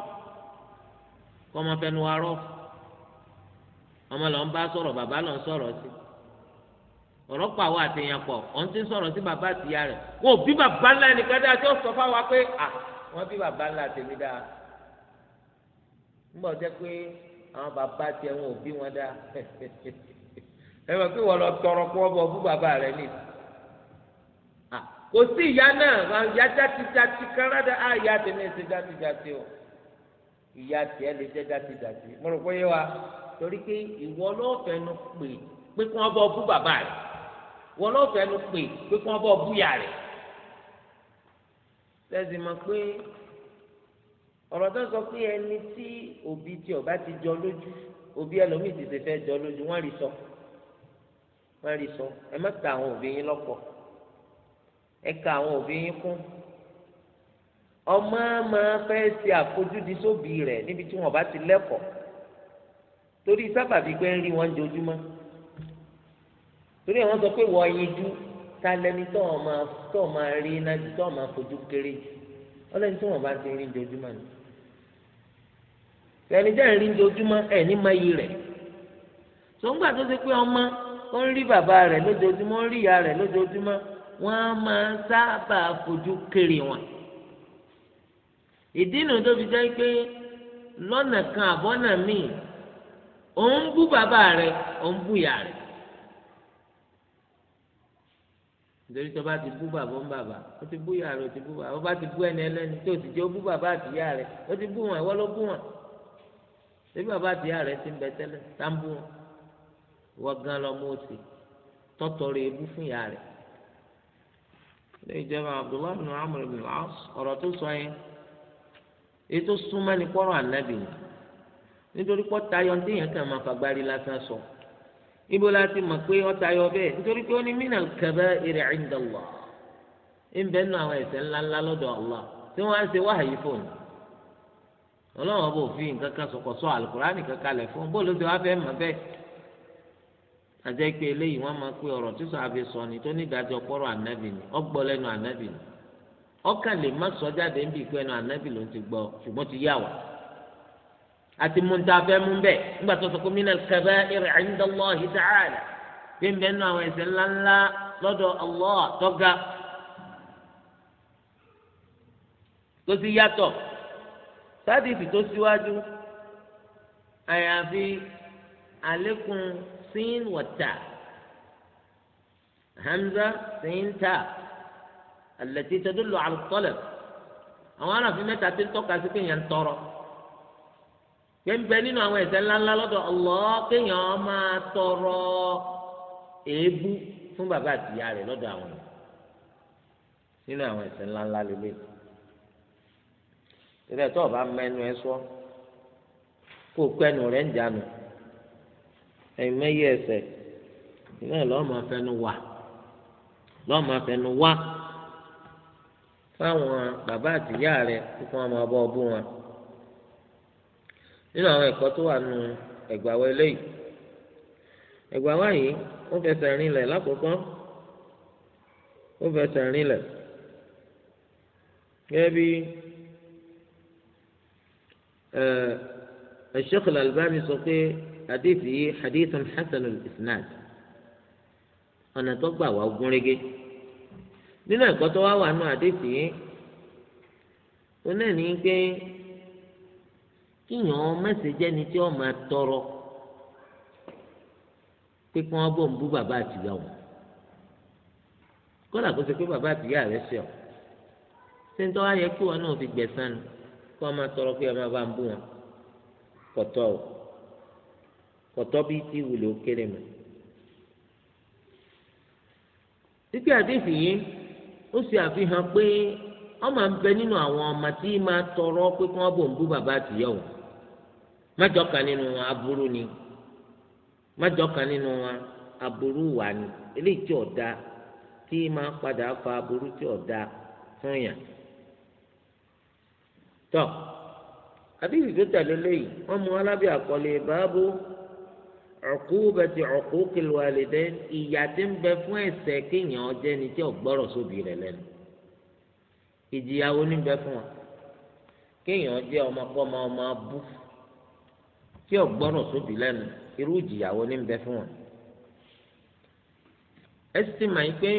kọ́ máa fẹnu arọ́ fún ọmọ lọ́n bá sọ̀rọ̀ bàbá lọ́n sọ̀rọ̀ sí i ọ̀rọ̀ pa àwọn àtẹ̀yàn pọ̀ ọ̀n ti sọ̀rọ̀ sí bàbá àtìyá rẹ̀ wọn ò bí bàbá ńlá nìkan dáa tí ó sọ fáwa pé à wọ́n bí bàbá ńlá tèmi dáa nígbà tó pé àwọn bàbá tiẹ̀ wọn ò bí wọn dáa ẹ mọ̀ pé wọ́n lọ tọrọ kó wọ́n bọ̀ fún bàbá rẹ̀ ní. kò sí ìyá náà ìyá játijàti kárádà á ìyá tèmi ṣe játijàti o ìyá tiẹ̀ lè jẹ́ játijàti mo rò pé yé wa torí pé ìwọ lọ́ọ̀fẹ́ nu pè pé kí wọ́n bọ̀ fún bàbá rẹ̀ wọn lọ fẹnu pè pé kí wọn bọ búyà rẹ tẹsí mọ̀ pé ọ̀rọ̀ tó sọ pé ẹni tí òbí tí ọba ti jọ lójú òbí ẹlòmíì ti ṣe fẹ́ jọ lójú wọn rí sọ wọn rí sọ ẹ má ta àwọn òbí yín lọ́pọ̀ ẹ ka àwọn òbí yín kún ọmọ máa fẹ́ ṣe àfojúdi sóbì rẹ̀ níbi tí wọn bá ti lẹ́kọ̀ọ́ torí sábàbí pé ń rí wọn jojúmọ́ torí àwọn sọ pé wọ́n yinjú ta lẹni tó wọn máa tó wọn máa rí iná jù tó wọn máa fojú kéré jù ọlọ́ni tí wọ́n bá ti rí ojoojúmọ́ ni ẹni jẹ́ ìrìn ojoojúmọ́ ẹ̀ ní mayì rẹ̀ sọ́ngbà tó ṣe pé ọmọ ó ń rí bàbá rẹ̀ lójoojúmọ́ ó ń rí ìyá rẹ̀ lójoojúmọ́ wọ́n máa sábà fojú kéré wọn ìdí nu tó fi jẹ́ pé lọ́nà kan àbọ́nà míì òun bú bàbá rẹ̀ òun bú ìyá rẹ̀ nítorí tó bá ti bú bàbá ń bàbá ó ti bú ìyá rẹ ó ti bú bàbá ó bá ti bú ẹni ẹlẹ́ni tó ti jẹ́ ó bú bàbá àti ìyá rẹ ó ti bú wọn ìwọ ló bú wọn ṣé bàbá àti ìyá rẹ ti ń bẹ tẹ́lẹ̀ tá ń bú wọn ìwọ gan lọmọ òsì tọ́tọ̀ rẹ ebú fún ìyá rẹ. ilé ìjọba Abdullahi bin Amr bin al ọ̀rọ̀ tó sọ yẹn èyí tó súnmọ́ ni kọ́rọ̀ ànábì nítorí pọ́ tayọ̀ ní níbo la ti mọ̀ pé ọ̀tá yọ bẹ́ẹ̀ nítorí pé ó ní mínà kẹfẹ́ ìrẹ̀ ẹ̀ǹdà wà ń bẹ́ẹ̀ nù àwọn Allah tí wọ́n á ṣe fóònù fi sọ àlùkùránì kankan lẹ̀ fún bóòlù tí wọ́n fẹ́ mọ̀ bẹ́ẹ̀ àjẹ́ pé eléyìí máa pe ọ̀rọ̀ tí sọ àfi sọ ni tó nídàájọ́ pọ́rọ̀ ànábì ni ọgbọ́ lẹ́nu ànábì ni ọkàn lè má sọ jáde àti múntàfẹ́ mú bẹ́ẹ̀ nígbà tó sọ pé minal kaba'ir 'inda Allah ta'ala bí n bẹ́ẹ̀ nù àwọn ẹ̀ṣẹ̀ ńláńlá lọ́dọ̀ Allah tọ́ga tó sì yàtọ̀ sádìsì tó síwájú àyàfi àlékún sin wọ̀tà hamza sin ta allati tadullu 'ala at-talab àwọn aráàfin mẹ́ta ti ń tọ́ka sí pé yẹn ń tọrọ. gbẹ̀ngbẹ̀ nínú àwọn ẹ̀ṣẹ̀ ńláńlá lọ́dọ̀ Allah kéèyàn máa tọrọ èébú fún bàbá àtìyá rẹ̀ lọ́dọ̀ àwọn ẹ̀ nínú àwọn ẹ̀ṣẹ̀ ńláńlá lélẹ̀ tẹ́lẹ̀ tó o bá mẹ́nu ẹ sọ kó o pẹ́nu rẹ̀ ń jánu ẹ̀yìn mẹ́yẹ ẹ̀ṣẹ̀ ìlú ẹ̀ fẹnu wà lọ́ọ́ fẹnu wá fáwọn bàbá àtìyá rẹ̀ kó wọ́n máa nínú àwọn ẹ̀kọ́ tó wà nù ẹ̀gbàwọ́ eléyìí ẹ̀gbàwọ́ yìí ó fẹsẹ̀ rinlẹ̀ lákòókò ó fẹsẹ̀ rinlẹ̀ gẹ́gẹ́ bí Sheikh Al-Albani sọ pé hadith yìí hadithun hasan al-isnad ọ̀nà tó gbà wá gúnrégé nínú ẹ̀kọ́ tó wá wà nù hadith yìí ó náà ní pé. kíyàn mẹsẹ jẹ ni tí tọrọ pé kí wọn bọ ń bú bàbá wọn kó ṣe pé bàbá ọ ṣé ń tọ́ kí wọn náà fi tọrọ pé ẹ máa bá ń bú wọn o bí ti wùlé ó kéré títí àdéhùn yìí ó ṣe àfihàn pé máa tọrọ pé kí ń bú bàbá mẹjọ nínú wọn aburú ni mẹjọ nínú wọn aburú wà ní eléyìí tí ọ̀dà tí máa padà fa aburú tí ọ̀dà fún yàn tọ àdìsí tó tẹ̀lé léyìí wọ́n mú alábẹ́ àkọlé báàbò uqubati uquqil walidain ìyà tí ń bẹ fún ẹ̀ṣẹ̀ kéèyàn ni tí ò gbọ́rọ̀ sóbì rẹ̀ lẹ́nu ìjìyàwó ní bẹ fún wa kéèyàn jẹ́ ọmọkọ́mọ ọmọ abú. tí ọgbọ́nà sóbì lẹ́nu irú ìjìyàwó ní bẹ fún wọn. ẹ sì ti mọ̀ yín pé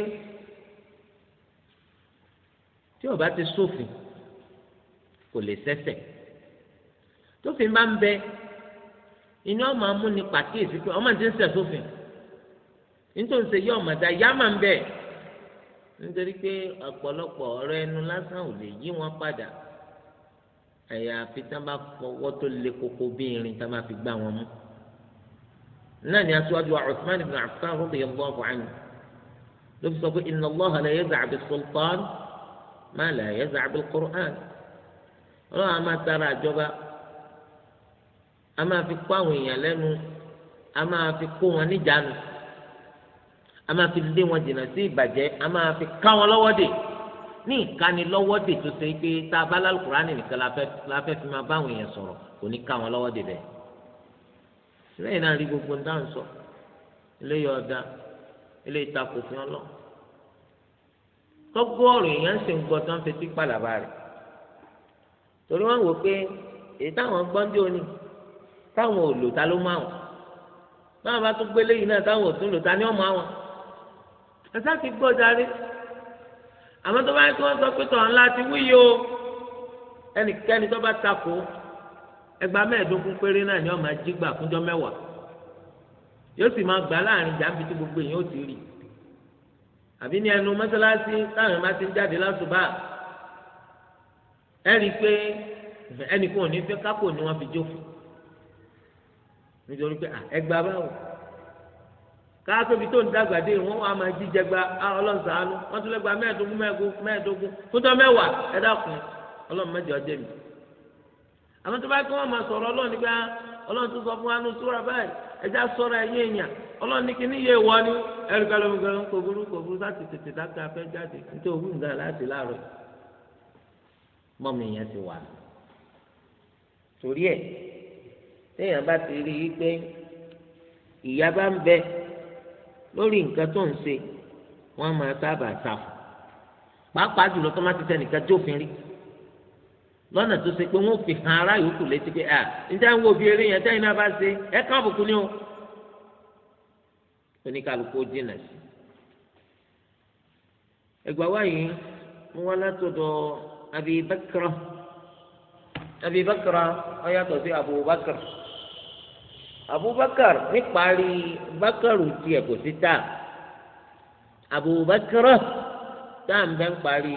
tí ọba ti sófin kò lè sẹ́sẹ̀ tófin bá ń bẹ inú ọmọ amúni pàkíyèsí pé ọmọ ti ń sẹ̀ sófin nítorí ṣe yí ya ayá máa ń bẹ nítorí pé ọ̀pọ̀lọpọ̀ ọ̀rọ̀ ẹnu lásán ò lè yí àyàfi tá a bá fọwọ́ tó le koko bí irin tá a máa fi gbá wọn mú náà ni aṣáájú wa Uthman ibn Affan radiyallahu anhu ló fi sọ pé inna Allaha la yaz'a bis-sultan ma la yaz'a bil-Qur'an ọlọ́run a máa tara àjọba a máa fi kó àwọn èèyàn lẹ́nu a máa fi kó wọn níjànú a máa fi lé wọn jìnnà sí ìbàjẹ́ a máa fi ká wọn lọ́wọ́ dè ní ìkánilọ́wọ́dè tó ṣe pé tá a bá lálùkùránì nìkan la fẹ́ fi máa báwọn èèyàn sọ̀rọ̀ kò ní ká wọn lọ́wọ́dè bẹ́ẹ̀. sílẹ̀ náà rí gbogbo ń dáhùn sọ eléyìí ọ̀dà eléyìí takò fi hàn lọ. tọ́gọ́ọ̀rù èèyàn ṣe ń gbọ́ tán fetí pàlàbà rẹ̀ torí wọ́n wò pé èyí táwọn gbọ́n dé òní táwọn ò lò ta ló máa wọn báwọn bá tún gbélé yìí náà táwọn ò tún lò ta ni ọmọ àwọn ẹ àmọ́ tó bá yẹ kí wọ́n sọ pé tọ̀hún láti wúyò ẹnikẹ́ni tó bá takò ẹgbà mẹ́ẹ̀ẹ́dógún péré náà ni wọ́n máa jí gbà fúnjọ́ mẹ́wàá yóò sì máa gbà láàrin jàǹbí tí gbogbo èèyàn ó ti rì àbí ní ẹnu mọ́sálásí táwọn máa ti ń jáde lásùbà ẹ pé ẹnì ò ní fẹ́ kápò ni wọ́n fi jó nítorí pé ẹgbà báwò. káàtóbi tó ń dàgbà dé wọn wà máa jíjẹ gba ọlọ́sàánú wọn tún lè gba mẹ́ẹ̀ẹ́dógún mẹ́ẹ̀ẹ́dógún mẹ́ẹ̀ẹ́dógún fúntọ́ mẹ́wàá ẹ dákun ọlọ́run mẹ́jọ jẹ́ mi. àwọn tó bá kí wọ́n máa sọ̀rọ̀ ọlọ́run nígbà ọlọ́run tó sọ fún wa ní sùúrà báyìí ẹja sọ̀rọ̀ ẹ̀yìn èèyàn ní yé ni gan lórí nǹkan tó ń ṣe wọ́n máa sábà sáfù pàápàá jùlọ tó máa ti tẹ nìkan jófin rí lọ́nà tó ṣe pé wọ́n fi hàn ará yòókù létí pé à níta ń wo fi eré yẹn tẹ́yìn náà bá ṣe ẹ kàn ni o oníkàlùkù ó dínà sí ẹgbàá Abi Bakra Abi Bakra sí abubakar Bakar bákàrù tiẹ̀ kò sí tá abubakar tá à ń bẹ́ ń parí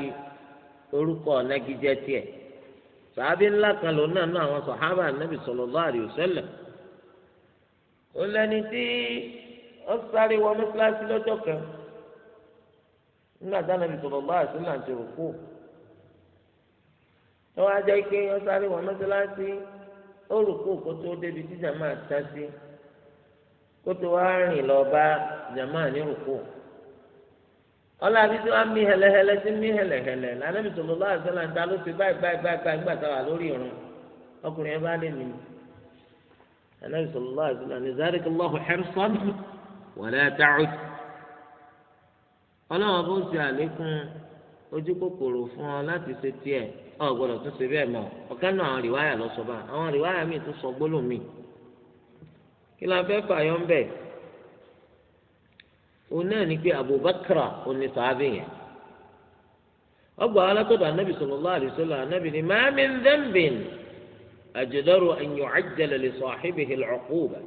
orúkọ nagijẹ tiẹ̀ sàábí ńlá kan lòun náà nú àwọn sàhábà nàbì sallallahu alaihi wasallam ó lẹni tí ó sáré wọnú kíláàsì lọ́jọ́ kan nígbà tí ànàbì sallallahu alaihi wasallam ti rò ó wá jẹ́ pé ó sáré wọnú kíláàsì. ó rò kó kó tó débi tí jàmáà ta sí kó tó wá rìn lọ bá jàmáà ní rò kó ọlọ́àbí tí mí hẹlẹhẹlẹ sí mí hẹlẹhẹlẹ tó àṣẹlá ń ta ló fi báyìí báyìí báyìí báyìí gbà tá wà lórí irun ọkùnrin yẹn bá lè mí lálẹ́bí tó lọ́wọ́ àṣẹlá ní ọlọ́wọ́n bó ń ọ gbọ́dọ̀ tún ṣe bẹ́ẹ̀ mọ́ ọ̀kan náà àwọn rìwáyà lọ sọ bá àwọn rìwáyà míì tún sọ gbólóhùn míì kí la fẹ́ fààyọ ń bẹ̀ òun náà ni pé Abubakar òní sàábì yẹn ọgbà alátọ́dọ̀ anábì sallallahu alaihi wasallam anábì ni ma min dhanbin ajdaru an yu'ajjala li sahibihi al-'uquba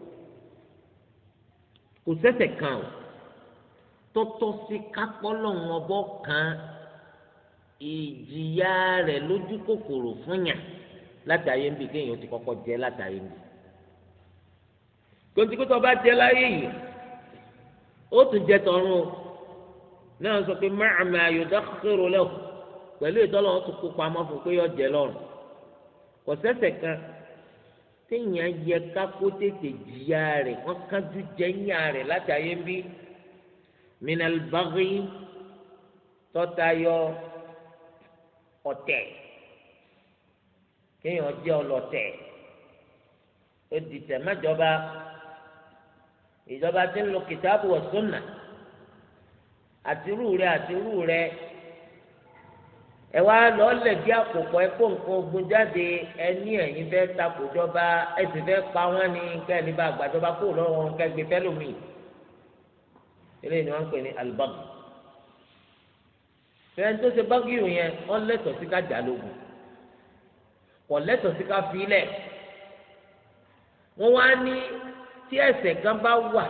kò sẹ́ṣẹ̀ kan tọ́tọ́ sí kápọ́lọ́ ìjìyà rẹ̀ lójú kòkòrò fún yàn látàyè ń bì kéèyàn ti kọ́kọ́ jẹ látàyè ń bì tontigbọtọ bá jẹ láyé yìí ó tún jẹ tọrún o náà sọ pé máàmì àyòdá kérò lẹwọ pẹ̀lú ìtọ́lọ́ wọn tún kó pamọ́ fún pé yọ jẹ lọ́rùn kò sẹ́sẹ̀ kan téèyàn yẹ kákó tètè jìyà rẹ̀ wọ́n kájú jẹ́yà rẹ̀ látàyè ń bí minal baghi tọ́tayọ ọ̀tẹ̀ kéèyàn jẹ́ ọlọ́tẹ̀ ó di tẹ̀ mẹ́jọba ìjọba tí ń lo kìtàbù wa sunna àtirú rẹ àtirú rẹ ẹ wá lọ lẹbi àkókò ẹ kó nǹkan ogun jáde ẹ ní ẹ̀yin fẹ́ takòjọba ẹ sì fẹ́ pa wọn ní kẹni bá gbàjọba kó lọ́wọ́ kẹgbẹ fẹlómi eléyìí ni wọn ń pè ní alibọgì fẹ́ẹ́ tó ṣe bágìrì yẹn wọ́n lẹ́tọ̀ọ́ sí ká dà lógun kò lẹ́tọ̀ọ́ sí ká filẹ̀ wọ́n wá ní tí ẹ̀ṣẹ̀ kan bá wà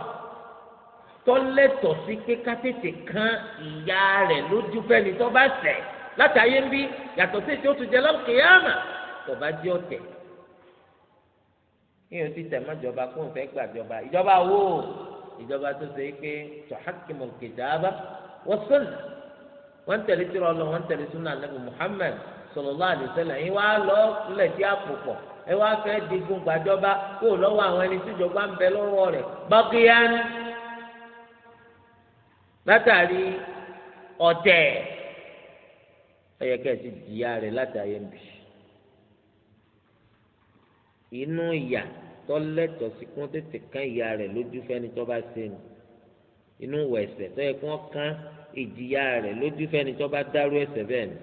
tó lẹ́tọ̀ọ́ sí pé ká tètè kan ìyá rẹ̀ lójú fẹ́ni tó bá ṣẹ̀ látàyé ń bí yàtọ̀ sí ètò òtún jẹ lọ́kìyàmà tó bá jẹ́ ọ̀tẹ̀ yíyan ti tẹ̀ mọ́jọba kó n fẹ́ gbàjọba ìjọba wo ìjọba tó ṣe é pé tọ́hákìmọ̀ kìjàbá wọ́n sọ̀nà wọ́n ń tẹ̀lé tìrọ lọ wọ́n ń tẹ̀lé súnà nàbì Muhammad sallallahu alaihi wasallam yín wá lọ lẹ̀ tí a pò pọ̀ ẹ wá fẹ́ digun gbàjọba kó lọ́wọ́ àwọn ẹni tíjọba ń bẹ lọ́wọ́ rẹ̀ bọ́kíyán látàrí ọ̀tẹ̀ ẹ̀yẹ kẹ́sì jìyà rẹ̀ látàrí ẹ̀ ń bì inú ìyà tọ́lẹ́tọ̀ sí kí wọ́n tètè kán ìyá rẹ̀ lójú fẹ́ni tó bá inú wẹ̀sẹ̀ tó kí wọ́n kán ìjìyà rẹ̀ lójú fẹ́ni tó bá dárú ẹ̀ṣẹ̀ bẹ́ẹ̀ ni.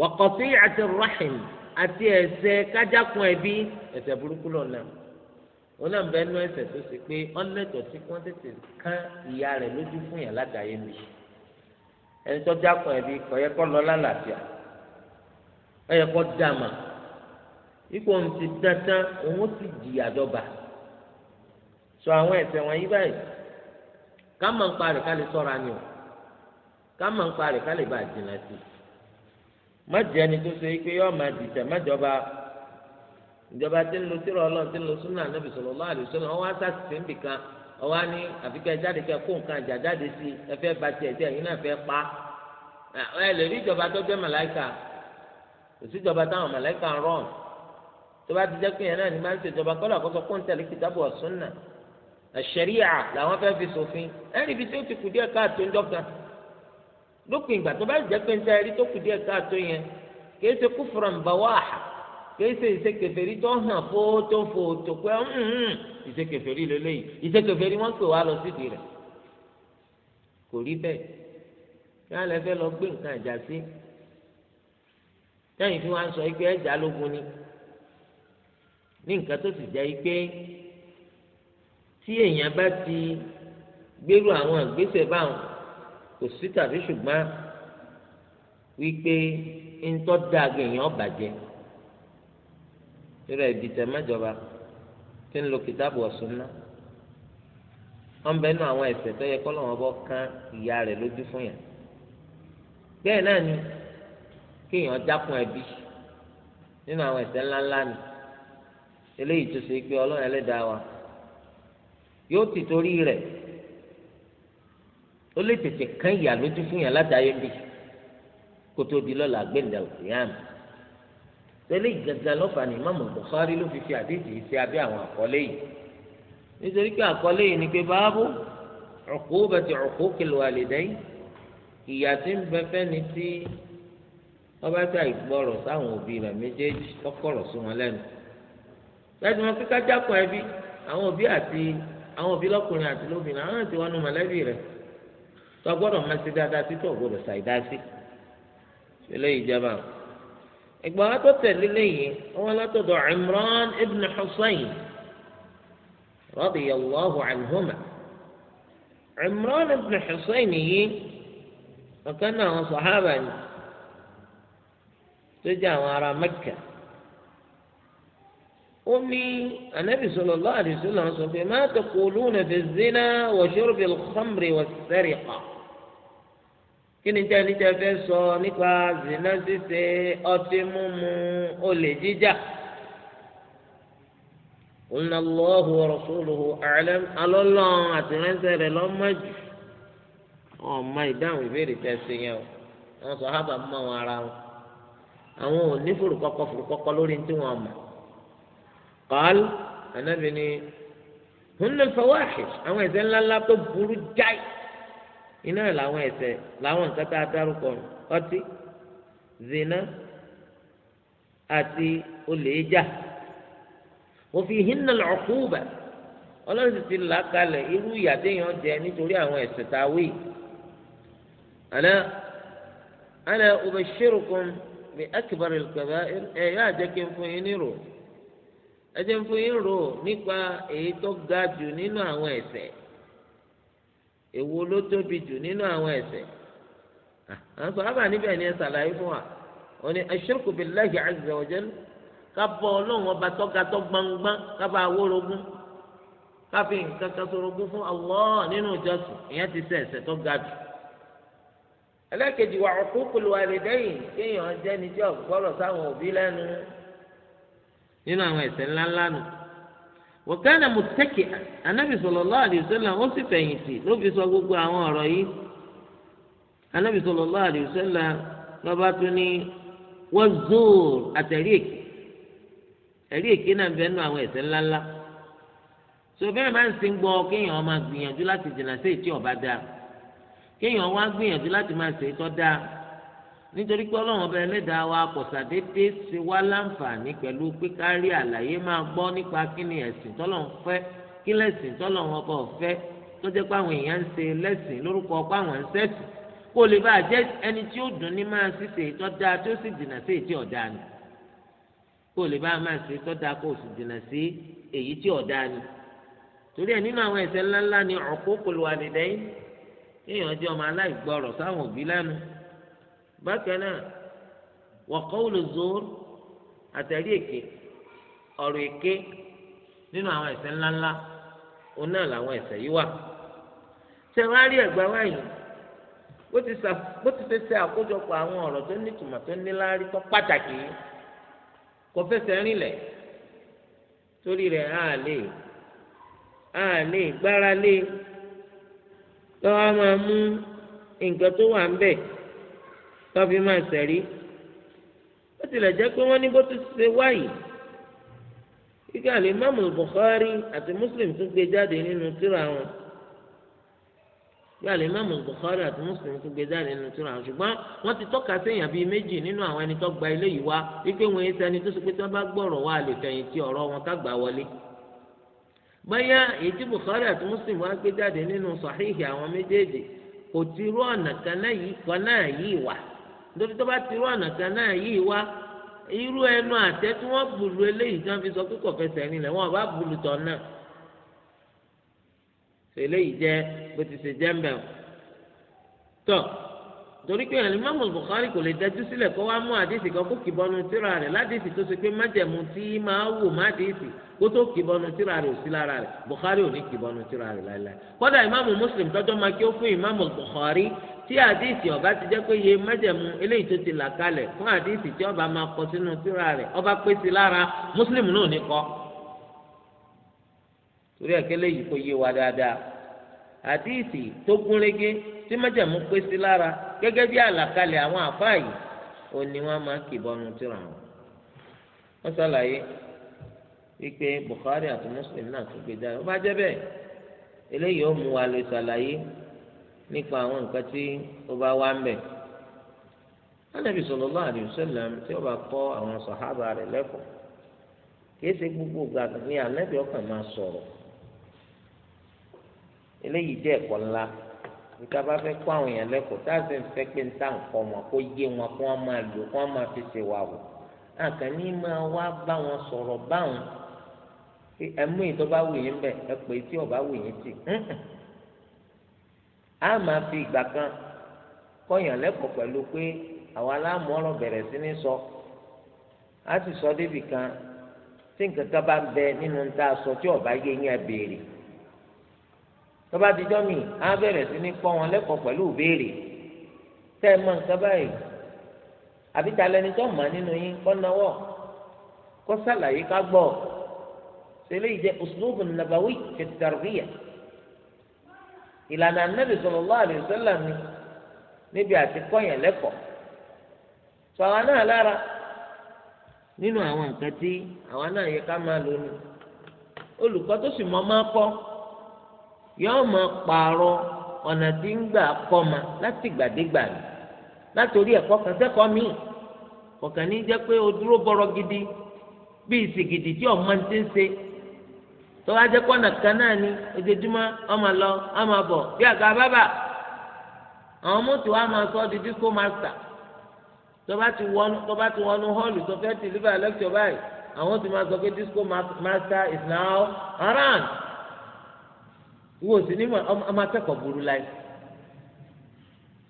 wàkọ̀tí àti rahim àti ẹ̀ṣẹ̀ kájákun ẹbí ẹ̀ṣẹ̀ burúkú lọ́nà wọn náà bẹ́ẹ̀ nú ẹ̀ṣẹ̀ tó ṣe pé ọ̀lẹ́tọ̀ tí wọ́n tètè kán ìyá rẹ̀ lójú fún yàn ládàáyé mi ẹni tó jákun ẹbí kò yẹ kó lọ lálàáfíà ó yẹ kó dàmà. ipò ohun ti dandan òun ti jìyà dọ́ba sọ àwọn ẹ̀ṣẹ̀ wọn yí báyìí ká mọ̀ ń ká lè ni o ká mọ̀ ń parẹ̀ ká lè bá jìnnà sí má jẹ́ ẹni tó ṣe pé yọ́ọ́ jọba ìjọba tí ń lo tírọ ọlọ́run tí ń lo súnà níbi sọ̀rọ̀ lọ́wọ́ àdìsọ́ náà wọ́n á sàtìsí nbìkan ọwọ́ á ni àfikẹ́ jáde kẹ́ kó nǹkan ìjà jáde sí ẹ fẹ́ ba pa ẹ lè rí ìjọba tó kò sí ìjọba táwọn tó bá ti jẹ́ pé yẹn náà ní máa ń ṣèjọba kọ́lá kó sọ pé ń tẹ̀lé kìtàbù ọ̀sùnà àṣẹríà làwọn fẹ́ fi ṣòfin ẹ̀rí ibi tí ó ti kù díẹ̀ káàtó ńjọ́ kan lópin ìgbà tó bá jẹ́ pé ń tẹ́ ẹ̀rí tó kù díẹ̀ káàtó yẹn kìí ṣe kúfùrọ̀n bàwáà kìí ṣe ìṣekèfèrí tó hàn fótófótó pé ìṣekèfèrí lélẹ́yìí ìṣekèfèrí wọ́n pè wá lọ sídìí rẹ̀ kò rí bẹ́ẹ̀ kí wọ́n lè fẹ́ ní nǹkan tó sì jẹ́ pé tí èèyàn bá ti gbérù àwọn ìgbésẹ̀ báwọn kò sí tàbí ṣùgbọ́n wípé ńtọ́ dáa gan èèyàn bàjẹ́ irú ẹ̀bí tẹ̀ mẹ́jọba tí ń lo kìtàbù ọ̀sùn náà wọ́n bẹ nù àwọn ẹ̀ṣẹ̀ tó yẹ kọ́ lọ́wọ́ bọ́ kán ìyá rẹ̀ lójú fún yàn bẹ́ẹ̀ náà ni kéèyàn jákun ẹbí nínú àwọn ẹ̀ṣẹ̀ ńláńlá ni eléyìí tó ṣe pé ọlọ́run ẹlẹ́dàá wa yóò ti torí rẹ̀ ó lè tètè kán ìyà lójú fún yàn látàáyé bì kó tó di lọ́la gbẹ̀ndà òkèèyàn tẹ́lẹ̀ ìgangan lọ́fà ní Imam Bukhari ló fi fi àdéhìí sí abẹ́ àwọn àkọlé yìí nítorí pé àkọlé yìí ni pé báábù uqubati uquqil walidayn ìyà tí ń bẹ fẹ́ni tí wọ́n bá ta ìgbọ́rọ̀ sáwọn òbí rẹ̀ méjèèjì tọkọ̀rọ̀ sí wọn lẹ́nu bẹ́ẹ̀ ni wọn kíkà jákun ẹbí àwọn òbí àti àwọn òbí lọ́kùnrin àti lóbìnrin àwọn àti wọnú mọ̀lẹ́bí rẹ̀ tó a gbọ́dọ̀ máa ṣe dáadáa títí ò gbọ́dọ̀ ṣàìdá sí eléyìí jẹba ìgbà wa tó tẹ̀lé lẹ́yìn wọn látọ̀dọ̀ Imran ibn Husayn radiyallahu anhuma Imran ibn Husayn yìí ọ̀kan náà àwọn sàhábà ni tó jẹ́ àwọn ará Mẹ́kà ó ní anabi sallallahu alaihi wasallam sọ pé ma taquluna fi zina wa shurbi al-khamri wa as-sariqa kí ni jẹ́ níjẹ́ fẹ́ sọ nípa zina ṣíṣe ọtí mímu olè jíjà qulna Allahu wa rasuluhu a'lam alọ́lọ́ àtìrẹ́nsẹ̀ rẹ̀ lọ́mọ́jù ọmọ ìdáhùn ìbéèrè tẹ́ ṣe yẹn o àwọn sàhábà mọ àwọn ara wọn àwọn ò ní fòrùkọ́kọ́ fòrùkọ́kọ́ lórí ní tí wọ́n قال أنا بني هن الفواحش أو إذا لا لا تبور جاي إنا لا وإذا لا وإن كتا تاركم أتي زنا أتي أوليجا وفيهن العقوبة ọlọ́run ti ti là kalẹ̀ irú ìyà téèyàn jẹ nítorí àwọn ẹ̀ṣẹ̀ tá a wí. àná àná òbẹ̀ṣẹ̀rùkùn ní akíbarì kaba ẹ̀yà àjẹkẹ́ fún yín nírò ẹjẹ ń fún yín rò nípa èyí tó ga jù nínú àwọn ẹ̀ṣẹ̀ èwo ló tóbi jù nínú àwọn ẹ̀ṣẹ̀ àwọn sọ̀rọ̀ níbẹ̀ ni ẹ ṣàlàyé fún wa wọn ni aṣirku billahi azza wa jalla ká bọ ọlọ́run ọba tọ́ga tó gbangban ká bá wórogún ká fi nǹkan kan sorogún fún Allah nínú ìjọsìn ìyẹn ti ṣe ẹ̀ṣẹ̀ tó ga jù ẹlẹ́kejì wà uququl walidayn kéèyàn jẹ́ni tí ọ̀gbọ́rọ̀ sáwọn òbí lẹ́nu nínú àwọn ẹ̀ṣẹ̀ ńláńlá nù wọ̀kánà mùtẹ́kì anábì sallallahu alaihi wasallam ó sì fẹ̀yìntì ló fi sọ gbogbo àwọn ọ̀rọ̀ yìí anábì sallallahu alaihi wasallam lọ́ba tún ní wọ́n zòòr àtẹ̀rí èké ẹ̀rí èké náà bẹ́ẹ̀ nù àwọn ẹ̀ṣẹ̀ ńláńlá tó bẹ́ẹ̀ máa ń sin gbọ́ kéèyàn máa gbìyànjú láti jìnnà sí ètí ọ̀bá dáa kéèyàn wá gbìyànjú láti máa ṣe é tọ́ dáa nítorí pé ọlọ́run ọba ẹlẹ́dàá wa pọ̀sàdédé ṣe wá láǹfààní pẹ̀lú pé àlàyé máa gbọ́ nípa kí ni ẹ̀sìn tọ́lọ́run fẹ́ kí lẹ́sìn tọ́lọ́run ọba ọ̀fẹ́ tó jẹ́ pé àwọn èèyàn ń ṣe lẹ́sìn lórúkọ ọpọ́ àwọn ń ṣẹ̀sìn kó lè bá jẹ́ ẹni tí ó dùn ní máa ṣiṣẹ́ ètò dáa tí ó sì dìnà sí ètò ọ̀dà ni kó lè bá máa ṣe ètò dáa kó sì dìnà sí èyí tí ọ̀dà ni torí ẹ̀ nínú àwọn ẹ̀ṣẹ̀ ńláńlá ni uququl walidayn kéèyàn jẹ́ ọmọ aláìgbọrọ̀ sáwọn òbí lẹ́nu bákan náà wa qawlu zur àtàrí èké ọ̀rọ̀ èké nínú àwọn ẹ̀ṣẹ̀ ńláńlá òun náà làwọn ẹ̀ṣẹ̀ yìí wà ṣé wàá rí ẹ̀gbá wáyé bó ti ṣe ṣe àkójọpọ̀ àwọn ọ̀rọ̀ tó nítumọ̀ tó níláárí tó pàtàkì kò fẹsẹ̀ rinlẹ̀ torí rẹ̀ á lè á lè gbára lé lọ́wọ́ máa mú nǹkan tó wà ń bẹ̀ tọ́fi máa sẹ̀rí ó tilẹ̀ jẹ́ pé wọ́n ní bó ti ṣe wáyìí kíkà lè Imamul Bukhari àti Muslim tún gbé jáde nínú tírà wọn kíkà lè Imamul Bukhari àti Muslim tún gbé jáde nínú tírà wọn ṣùgbọ́n wọ́n ti tọ́ka séèyàn bíi méjì nínú àwọn ẹni tó gba ilé yìí wá wípé wọn ẹsẹ̀ ẹni tó ṣe pé tí wọ́n bá gbọ́rọ̀ wá lè fẹ̀yìntì ọ̀rọ̀ wọn ká gbà wọlé báyà èyí tí Bukhari àti Muslim wá gbé jáde nínú Sahihi àwọn méjèèjì kò ti rú ọ̀nà kan náà yìí nítorí tó bá ti rú ọ̀nà kan náà yìí wá irú ẹnu àtẹ tí wọ́n bùlù eléyìí tí wọ́n fi sọ pé kò nílẹ̀ wọn ò bá bùlù tọ̀ náà eléyìí jẹ́ bó ti ṣe jẹ́ ń bẹ̀ tọ̀ torí pé alimami Bukhari kò lè dájú sílẹ̀ kó wá mú àdìsí kan kó kìbọnú tíra rẹ̀ ládìsí tó ṣe pé májẹ̀mú tí máa wò má dìísì kó tó kìbọnú tíra rẹ̀ ò sí lára rẹ̀ Bukhari ò ní kìbọnú tíra rẹ̀ láéláé kódà imamu Muslim tọ́jọ́ máa kí ó fún imamu Bukhari tí àdìsí ọba ti jẹ́ pé iye májẹ̀mú eléyìí tó ti là kalẹ̀ fún àdìsí tí ọba máa kọ sínú ọba pé sí lára mùsùlùmí náà ní kọ́ torí ẹ̀kẹ́ kò yé wa dáadáa àdìsí tó gúnrégé tí májẹ̀mú pé sí lára gẹ́gẹ́ bí àlàkalẹ̀ àwọn àfáà yìí ní wọn. wípé Bukhari àti náà tó gbé eléyìí ó wa nípa àwọn nǹkan tí ó bá wá ń bẹ̀. Ànábì sallallahu alaihi wasallam tí ó bá kọ́ àwọn sàhábà rẹ̀ lẹ́kọ̀ọ́ kìí ṣe gbogbo ìgbà ni Ànábì ọkàn máa sọ̀rọ̀ eléyìí jẹ́ ẹ̀kọ́ ńlá níta bá fẹ́ kọ́ àwọn èèyàn lẹ́kọ̀ọ́ tá a sì ń fẹ́ pé ń tà nǹkọ́ wọn kó yé wọn kó wọn máa lò kó wọn máa fi ṣe wà wò àkànní máa wá bá wọn sọ̀rọ̀ báwọn ẹmú ìtọ́ bá wù yín bẹ̀ ẹ pè é tí ọba wù yín tì á máa fi ìgbà kan kọ́yàn lẹ́kọ̀ọ́ pẹ̀lú pé àwọn aláàmọ́rọ̀ bẹ̀rẹ̀ sí ní sọ á sì sọ débì kan tí nǹkan kan bá ń bẹ nínú tá a sọ tí ọba yé yín ẹ béèrè tọ́ba dijọ́ mi á bẹ̀rẹ̀ sí ní kọ́ wọn lẹ́kọ̀ọ́ pẹ̀lú ìbéèrè tẹ́ ẹ mọ̀ nǹkan báyìí àbí lẹni tó mọ̀ nínú yín kọ́ náwọ́ kọ́ sàlàyé ká gbọ́ ṣe eléyìí jẹ́ uslubu nabawi fi ìlànà anábì sallallahu alaihi ni níbi àti kọ́yàn lẹ́kọ̀ọ́ sọ àwọn náà lára nínú àwọn nǹkan àwọn náà yẹ ká máa lò ní olùkọ́ tó sì mọ máa kọ́ yóò máa pààrọ̀ ọ̀nà tí ń gbà kọ́ ma láti gbàdégbà ni látòrí ẹ̀kọ́ o dúró bọ́rọ̀ gidi tí ọ̀ máa ti ń tó bá jẹ́ kọ́nà kan náà ni ojoojúmọ́ ọmọ lọ ọmọ bọ̀ bí àga bábà àwọn mọ́tò wa máa sọ di disco master tó bá ti wọnú tó bá ti wọnú hall tó fẹ́ deliver lecture báyìí àwọn ti máa sọ pé disco master is now around wo sì ní ọmọ akẹ́kọ̀ọ́ burú láì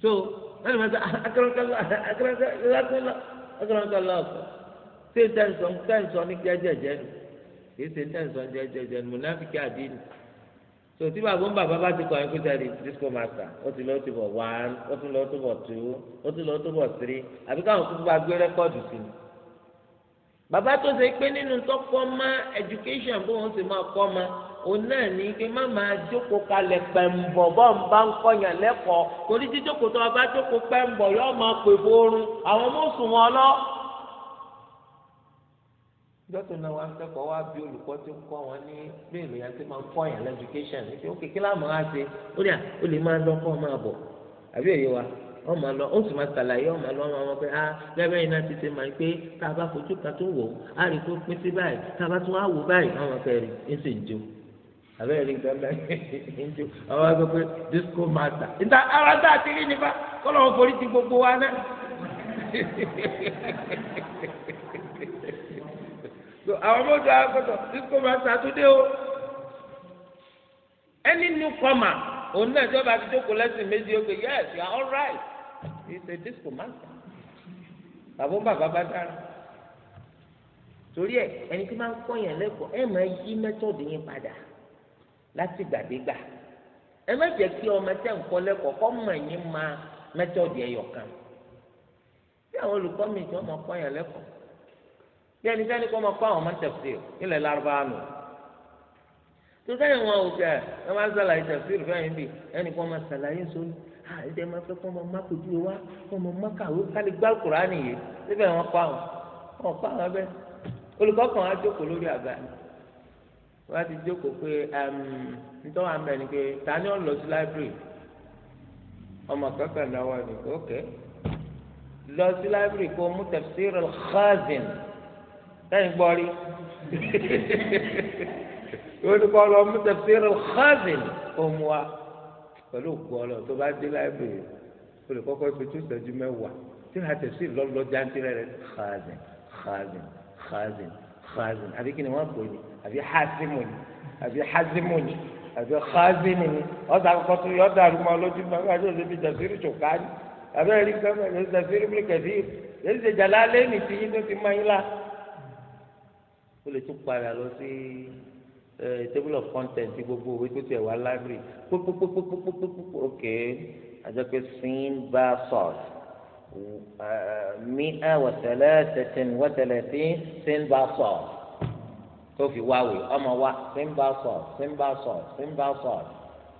so wọ́n lè máa sọ akẹ́rọ̀kẹ́lọ́ akẹ́rọ̀kẹ́lọ́ akẹ́rọ̀kẹ́lọ́ ọ̀sán ṣé táyì sọ ní kí á jẹ́jẹ́ nù kì í ṣe tẹ̀sán jẹjẹjẹ múnáfíkì àdínì tó tí bàbá ń bàbá bá ti kọ́ ẹ̀kú tẹ̀lé disco master ó ti lọ́ọ́ tó bọ̀ one ó ti lọ́ọ́ tó bọ̀ two ó ti lọ́ọ́ tó bọ̀ three àbí káwọn kúkú bá gbé rẹ́kọ́ọ̀dù sí i. bàbá tó ṣe pé nínú tọ́kọ́ má education bó wọn sì máa kọ́ ma òun náà ní kí má jókòó kalẹ̀ pẹ̀mbọ̀ bọ́ ń bá ń kọyàn lẹ́kọ̀ọ́ torí jíjókòó tó bá jókòó pẹ̀mbọ̀ yóò máa pè fóorun àwọn mọ̀ wọn lọ́ọ́ jọ́tò náà wá ń kẹ́kọ̀ọ́ wá bí olùkọ́ tí ń kọ́ wọn ní bí ènìyàn ti máa ń kọ́ yàn lẹ́dùkéṣàn ní pé ó kékeré á ṣe ó wa máa lọ ó sì máa ṣàlàyé pé ah, á ti ṣe máa ń pé tá a bá fojú kan tó wò ó á rí tó pín sí báyìí tá a bá tún á wò báyìí àwọn fẹ́ rí ń sì ń jó àwọn so àwọn mọ́tò àgọ́tọ̀ kíkó máa ṣàtúndé o any newcomer òun náà tí wọ́n bá ti jókòó lẹ́sìn méjì ó pé yes you are all right Is a disco master bàbá ń bàbá bá dára torí ẹ ẹni tí máa ń kọ́ yẹn lẹ́kọ̀ọ́ ẹ máa yí mẹ́tọ́ọ̀dù yín padà láti gbàdégbà ẹ má jẹ́ kí ọmọ tẹ̀ ń kọ́ lẹ́kọ̀ọ́ kọ́ mọ̀ yín máa mẹ́tọ́ọ̀dù ẹ̀yọ̀ kan bí àwọn olùkọ́ mi tí wọ́n máa kọ́ yẹn lẹ́kọ̀ọ́ bí ẹni sẹ́ni kọ́ máa kọ́ àwọn máa ń tafsir nílẹ̀ lárúbáwá nù tó sẹ́yìn wọn ò kẹ́ ẹ máa ń sàlàyé tafsir fẹ́yìn bì ẹni kọ́ máa sàlàyé sóni àìsè máa fẹ́ kọ́ máa má kojú wa kọ́ máa má kàwé kálí gbá kúránì yìí síbẹ̀ wọn kọ́ àwọn wọn kọ́ àwọn bẹ́ẹ̀ olùkọ́ kan á jókòó lórí àga wọ́n á ti jókòó pé nítorí àwọn bẹ́ẹ̀ ni pé ta ni ó lọ sí láìbírì ọmọ kọ́kọ́ náà wà ní sẹ́yìn gbọ́ rí olùkọ́ lọ mú tafsir al-Khazin ọmọ wa pẹ̀lú òkú ọlọ tó bá dé láìpẹ́ olùkọ́kọ́ ìfẹ̀tú ìṣẹ́jú mẹ́wàá tí wọ́n tafsir lọ́lọ́ jáńtìrẹ́ rẹ̀ Khazin Khazin Khazin Khazin àbí kí ni wọ́n pè ní àbí Hazimu ni àbí Hazimu ni àbí Khazini ni ọ̀dà àkọ́kọ́ tó yọ ọ̀dà àrùmọ́ lójú mọ́ àbí ọ̀dà ìbí tafsir ṣòkáni àbí ẹ̀rí kẹ́mẹ́ ó lè tún padà lọ sí table of content gbogbo òwe tó tiẹ̀ wá library pópópópópópópó ok àjọpẹ́ sin bá sọ̀rọ̀ mi'a wa thalathatin wa thalathin sin bá sọ̀rọ̀ tó fi wáwèé ọmọ wa sin bá sọ̀rọ̀ sin bá sọ̀rọ̀ sin bá sọ̀rọ̀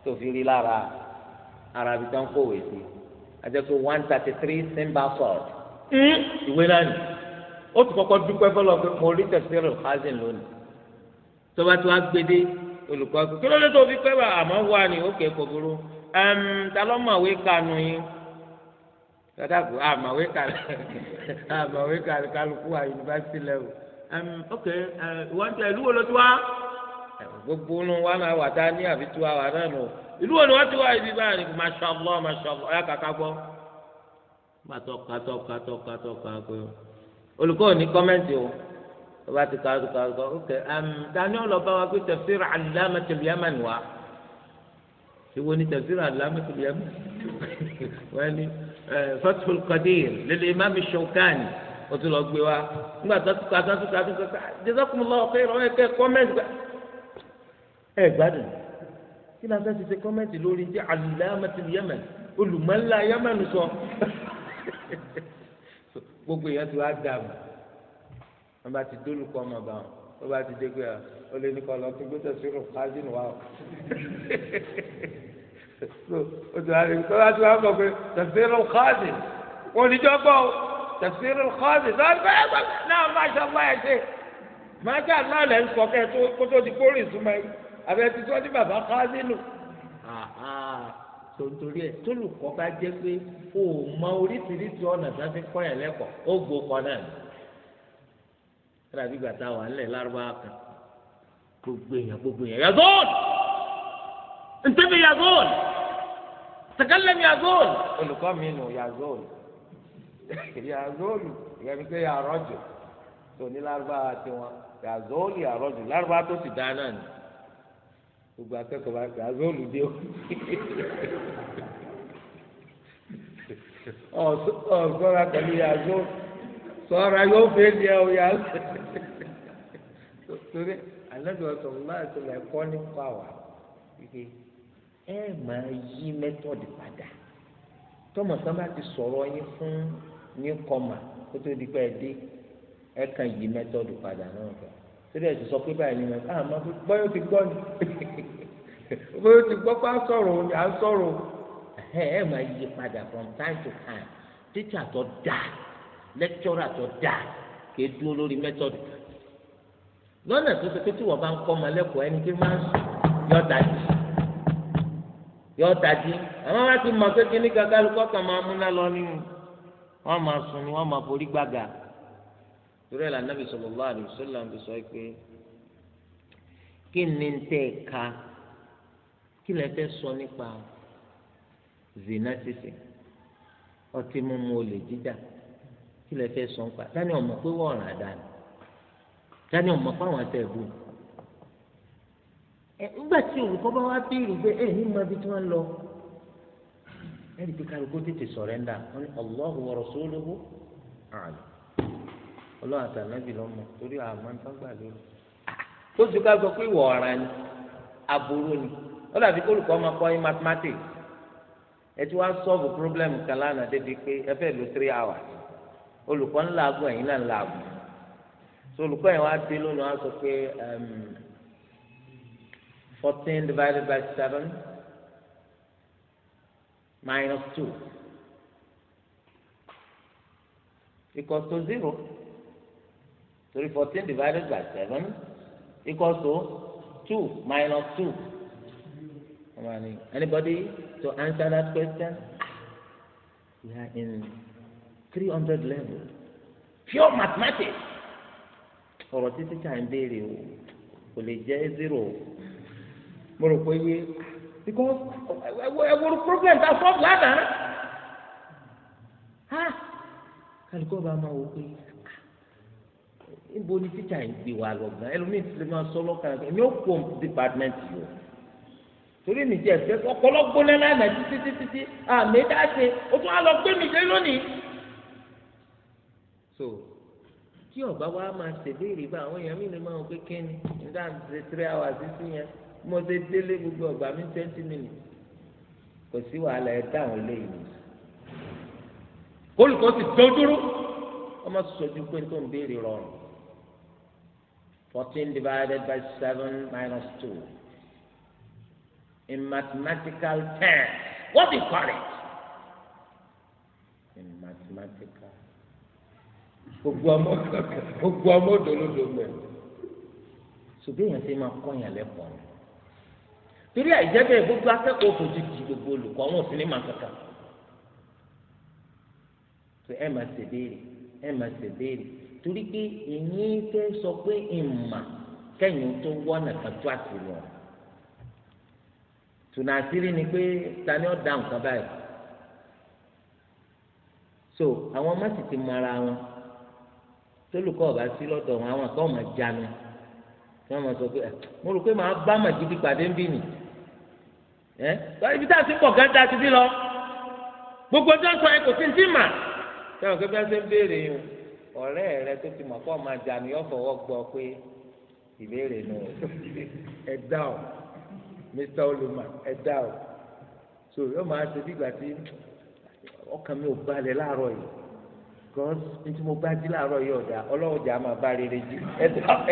tó fi rí lára ara ibi tó ń kówèé sí one thirty three sin bá sọ̀rọ̀ hmm? ìwé náà nìyí ó ti kọ́kọ́ dúpẹ́ fọlọ́ pé mo rí tẹ̀sílẹ̀ rẹ̀ kásìn lónìí tó bá ti wá gbédé olùkọ́ ẹ̀kọ́ kí ló dé tó fi pẹ́ bá àmọ́ wà ní òkè kò burú ta ló mọ̀wé kanu yín tọ́tàkù àmọ̀wé kanu àmọ̀wé kanu kálukú wa yunifásitì lẹ́wọ̀ ok wọ́n tẹ ìlú wo ló ti wá gbogbo nu wa náà wà tá ní àfi tiwa wà náà nù ìlú wo ni wọ́n ti wá ibi báyìí mashallah mashallah ọ̀yà kàkà gbọ́ kàtọ́ kàtọ́ olùkọ́ ò ní kọ́mẹ́ǹtì o tó bá ti kà á tó kà á tó kà á ok tani ọlọ́ba wa pé tafsir Allamatul Yamani wa ìwo ni tafsir Allamatul Yamani wọ́n ní Fathul Qadir lil Imam Shawkani o tún lọ gbé wa nígbà tó tó kà tó tó kà tó kà jazakumullahu khairan ẹ̀kẹ́ kọ́mẹ́ǹtì ẹ̀ gbádùn kí ni a fẹ́ ti ṣe kọ́mẹ́ǹtì lórí ti Allamatul Yamani olùmọ̀lá Yamani gbogbo èèyàn ti wá dààmú wọn bá ti dólùkọ ọmọ bá wọn wọn bá ti dégbé ọ ah, ó lé nípa lọ tó gbèsè sí rò kájínù wa o o tó wá lè tó wá tó wá bọ̀ pé tẹ̀síìrì káàdì wọn ní jọ́gbọ́ o tẹ̀síìrì káàdì lọ́dọ̀ ẹ̀ gbọ́dọ̀ náà má ṣe ọgbà ẹ̀ ṣe má ṣe àná lẹ́ sọ kẹ́ tó kó di kórìí súnmọ́ yìí àbẹ̀ ti sọ́ ní bàbá kájínù tó ń torí ẹ̀ tólùkọ́ bá jẹ́ pé o ò mọ oríṣiríṣi ọ̀nà tó fi kọ́ ẹ̀ lẹ́kọ̀ọ́ ó gbó kọ́ náà ni tàbí gbàtà wà ńlẹ̀ lárúbáwá kan gbogbo èèyàn gbogbo èèyàn yàgòl ntẹ́bi yàgòl tẹ̀kẹ́lẹ́m yàgòl olùkọ́ mi nù yàgòl yàgòl ìyẹn pé yàrọ́jù tó ní lárúbáwá tiwọn yàgòl yàrọ́jù lárúbáwá tó ti dáná ni gbogbo akẹ́kọ̀ọ́ bá gbà zó olùdé o ọ sọ́ra pẹ̀lú yàzó sọ́ra yóò fẹ́ di ẹ o yàzó torí alẹ́dùn ọ̀sán náà ti lẹ̀ kọ́ nípa wa ẹ máa yí mẹ́tọ̀dì padà tọmọ sábà ti sọ̀rọ̀ yín fún yín kọ́mà kó di pé ẹ dé ẹ kàn yí mẹ́tọ̀dì padà náà kẹ́kẹ́ síbẹ̀ ẹ̀ ti sọ pé báyìí ni wọn ká àmọ́ bọ́yọ̀ ti gbọ́ ni bọ́yọ̀ ti gbọ́ pé à sọ̀rọ̀ ni à sọ̀rọ̀ ẹ̀ ẹ̀ máa yí padà from time to time títsà tó dà lẹ́kítọ́rà tó dà kéé dúró lórí mẹ́tọ́dù lọ́nà tó ṣe pé tí wọ́n bá ń kọ́ ọmọ lẹ́kọ̀ọ́ ẹni tí máa ń sùn yọ dájú yọ dájú àwọn bá mọ̀ pé kíní kankan lukọ́ kan máa múná lọ nínú wọ́n máa sùn ni wọ́n máa forí gbàgà. torí ẹ̀ la nàbì sallallahu alaihi wasallam fi sọ pé kí ni ẹ ka kí lẹ fẹ́ sọ nípa zina ṣíṣe ọtí mímu olè jíjà kí lẹ fẹ́ sọ nípa dání ọmọ pé wọ́n ràn dání dání ọmọ pé àwọn tẹ̀ bù ẹ nígbà tí olùkọ́ bá wá pé ẹ ní ma bí tí wọ́n lọ ẹ tètè sọ̀rẹ́ńdà wọn ọlọ́run àtànábì lọ́mọ torí àmọ́ ń tán gbà lórí. tó ti ká sọ pé ìwọ̀ ọ̀ràn ni aburú ni ó dàbí kólùkọ́ máa kọ́ yín mathematics ẹ ti wá sọ́ọ̀bù problem kan lánàá débi pé ẹ fẹ́ lo three hours olùkọ́ ń làágùn ẹ̀yin náà ń làágùn so olùkọ́ yẹn wá dé lónìí wá sọ pé um, fourteen divided by seven minus two equals to zero torí fourteen divided by seven equals to two minus two. Anybody to answer that question? We are in three hundred level pure mathematics. ọ̀rọ̀ títí à ń béèrè o kò lè jẹ́ zero o mo rò pé yé because ẹwọ́rọ̀ problem ta sọ́ọ̀bù lánàá ha kálukọ́ bá máa wò pé níbo ni tíṣà yìí gbé wa lọ gan ẹlòmíì ti lè máa sọ lọ́kàn ẹ̀mí ó kó department yìí o torí mi jẹ ẹsẹ ọ̀pọ̀lọpọ̀ lẹla ẹnà títí títí tí àmì dáṣe o tún á lọ gbé mi dé lónìí. so tí ọba wa máa ṣèbéèrè bá àwọn èèyàn mi lè máa wọ pé kíni nígbà tí three hours sí yẹn mo ṣe délé gbogbo ọgbà mi twenty minutes kò sí wàhálà ẹ dáhùn eléyìí olùkọ́ sì dọ́dúró ọmọ sọ̀jú 14 divided by 7 minus 2. In mathematical terms, what do you call it? In mathematical. Gbogbo ọmọ gbogbo mẹ. Ṣùgbọ́n èèyàn ṣe máa kọ́yàn lẹ́kọ̀ọ́ ni. Torí àìjẹ́bẹ̀ gbogbo akẹ́kọ̀ọ́ fojú di gbogbo olùkọ́ wọn ò sí ní màá kankan. Ẹ máa ṣèbéèrè, ẹ máa ṣèbéèrè torí pé èyí fẹ́ sọ pé ìmà kẹ́yìn tó wọ́nà kan tó àtìrí wọn tùnà àtìrí ni pé ta ni ó da nǹkan báyìí so àwọn ọmọ sì ti mọ ara wọn tólùkọ́ ọ̀bá sí lọ́dọ̀ wọn àwọn àkọ́ ọmọ jánu tí wọ́n sọ pé mo rò pé màá bá màjìdí pàdé ń bì nì ẹ ibi tá a ti pọ̀ gan ta ti bí lọ gbogbo ọjọ́ sọ ẹ kò sí ní mà táwọn akẹ́kọ̀ọ́ ṣe ń béèrè yìí o. ọ̀rẹ́ rẹ tó ti mọ̀ kọ́ ọmọ jà ní ọ̀fọ̀wọ́ gbọ pé ìbéèrè nù ẹ dá o mr olùmọ̀ ẹ dá o so yóò máa ṣe bí ìgbà tí ọkàn mi ò balẹ̀ láàárọ̀ yìí gọ́s mo gbájú láàárọ̀ yìí ọ̀dà ọlọ́ọ̀jà máa bá rere jí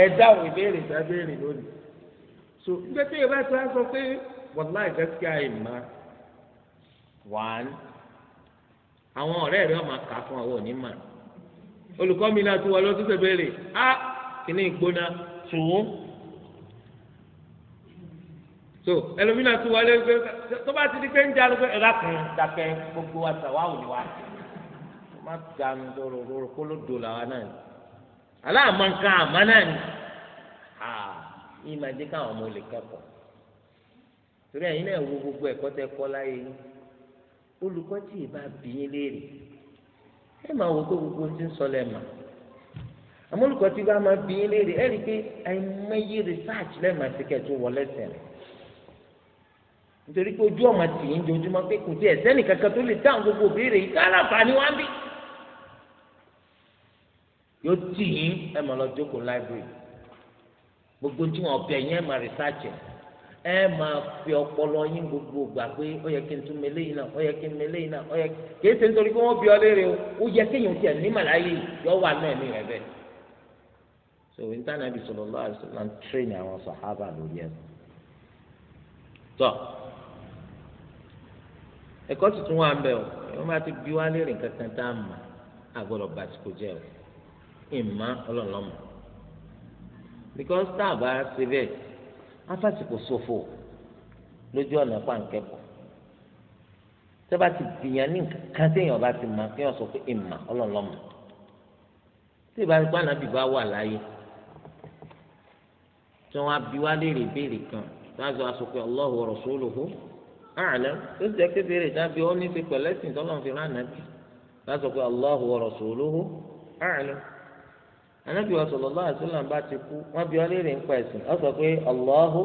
ẹ dá o ìbéèrè lónìí so tí yorùbá sọ pé àwọn ọ̀rẹ́ rẹ ọ̀ máa kà fún àwọn olùkọ́ mi náà tún wọlé ọtún sẹ̀bẹ̀rẹ̀ á kìíní ìgbóná tùún. so ẹlòmínà tún wọlé pé tó bá ti di pé ń jà ló pé ẹ̀rá kan dàkẹ́ gbogbo àtàwáwò ni wà á má dànù dòròdòrò kó ló dò làwa náà ni aláàmọ nǹkan àmọ́ náà ni yìí máa dé káwọn ọmọ olè kẹ́kọ̀ọ́ torí ẹ̀yin náà wo gbogbo ẹ̀kọ́ tẹ́ kọ́ láyé yín tí ì bá bí yín léèrè ẹ máa wo pé gbogbo ti ń sọlẹ̀ mà àmọ́ olùkọ́ tí bá máa bí léèrè ẹ rí i pé àìmọye research lẹ́ẹ̀ma ti kẹ̀tù wọlé sẹ̀rẹ̀ nítorí pé ojú ọmọ tì í ń dojúmọ́ pé kò sí ẹ̀sẹ́nì kankan tó lè dáhùn gbogbo òbéèrè yìí kálàfà ni wọ́n á bí yóò tì í ẹ máa lọ jókòó library gbogbo tí wọn ọbẹ̀ yẹn máa research ẹ̀ ẹ máa fi ọpọlọ yín gbogbo gbà pé ó yẹ kí n tún mele yìí náà ó yẹ kí n mele yìí náà ó yẹ kìí ṣe nítorí pé wọ́n bí ọ léèrè o ó yẹ kéèyàn tiẹ̀ nímàláyé yọ wà náà ní rẹ bẹ́ẹ̀. so intanet bí sọlọ lọ àti sọlọ ń tírèèni àwọn sàhábà lórí ẹ. tọ ẹ̀kọ́ tuntun wà ń bẹ o wọ́n bá ti bí wá léèrè kankan tá a mọ̀ àgbọ̀dọ̀ bàtìkò jẹ́ o ìmọ̀ ọlọ́ọ̀lọ́mọ̀ because tá a bá ṣe bẹ́ẹ̀ afásìkò ṣòfò lójú ọ̀nà pàǹkẹ́kọ̀ọ́ tó bá ti gbìyàn ní nǹkan téèyàn bá ti mọ̀ kéèyàn sọ pé ìmọ̀ ọlọ́lọ́mọ tí ìbá ipá nàbì bá wà láyé tí wọ́n á bi wá léèrè béèrè kan tí wọ́n á sọ aṣọ pé Allahu wa rasuluhu a'lam tó ti jẹ́ pé béèrè dábìí ó ní ti pẹ̀lẹ́sìn tọ́lọ́mù fi rán nàbì wọ́n á sọ pé Allahu wa rasuluhu a'lam. anabi wa sallallahu alaihi wasallam bá ti kú wọn bí wọn léèrè nípa ẹ̀sìn ọ pé Allahu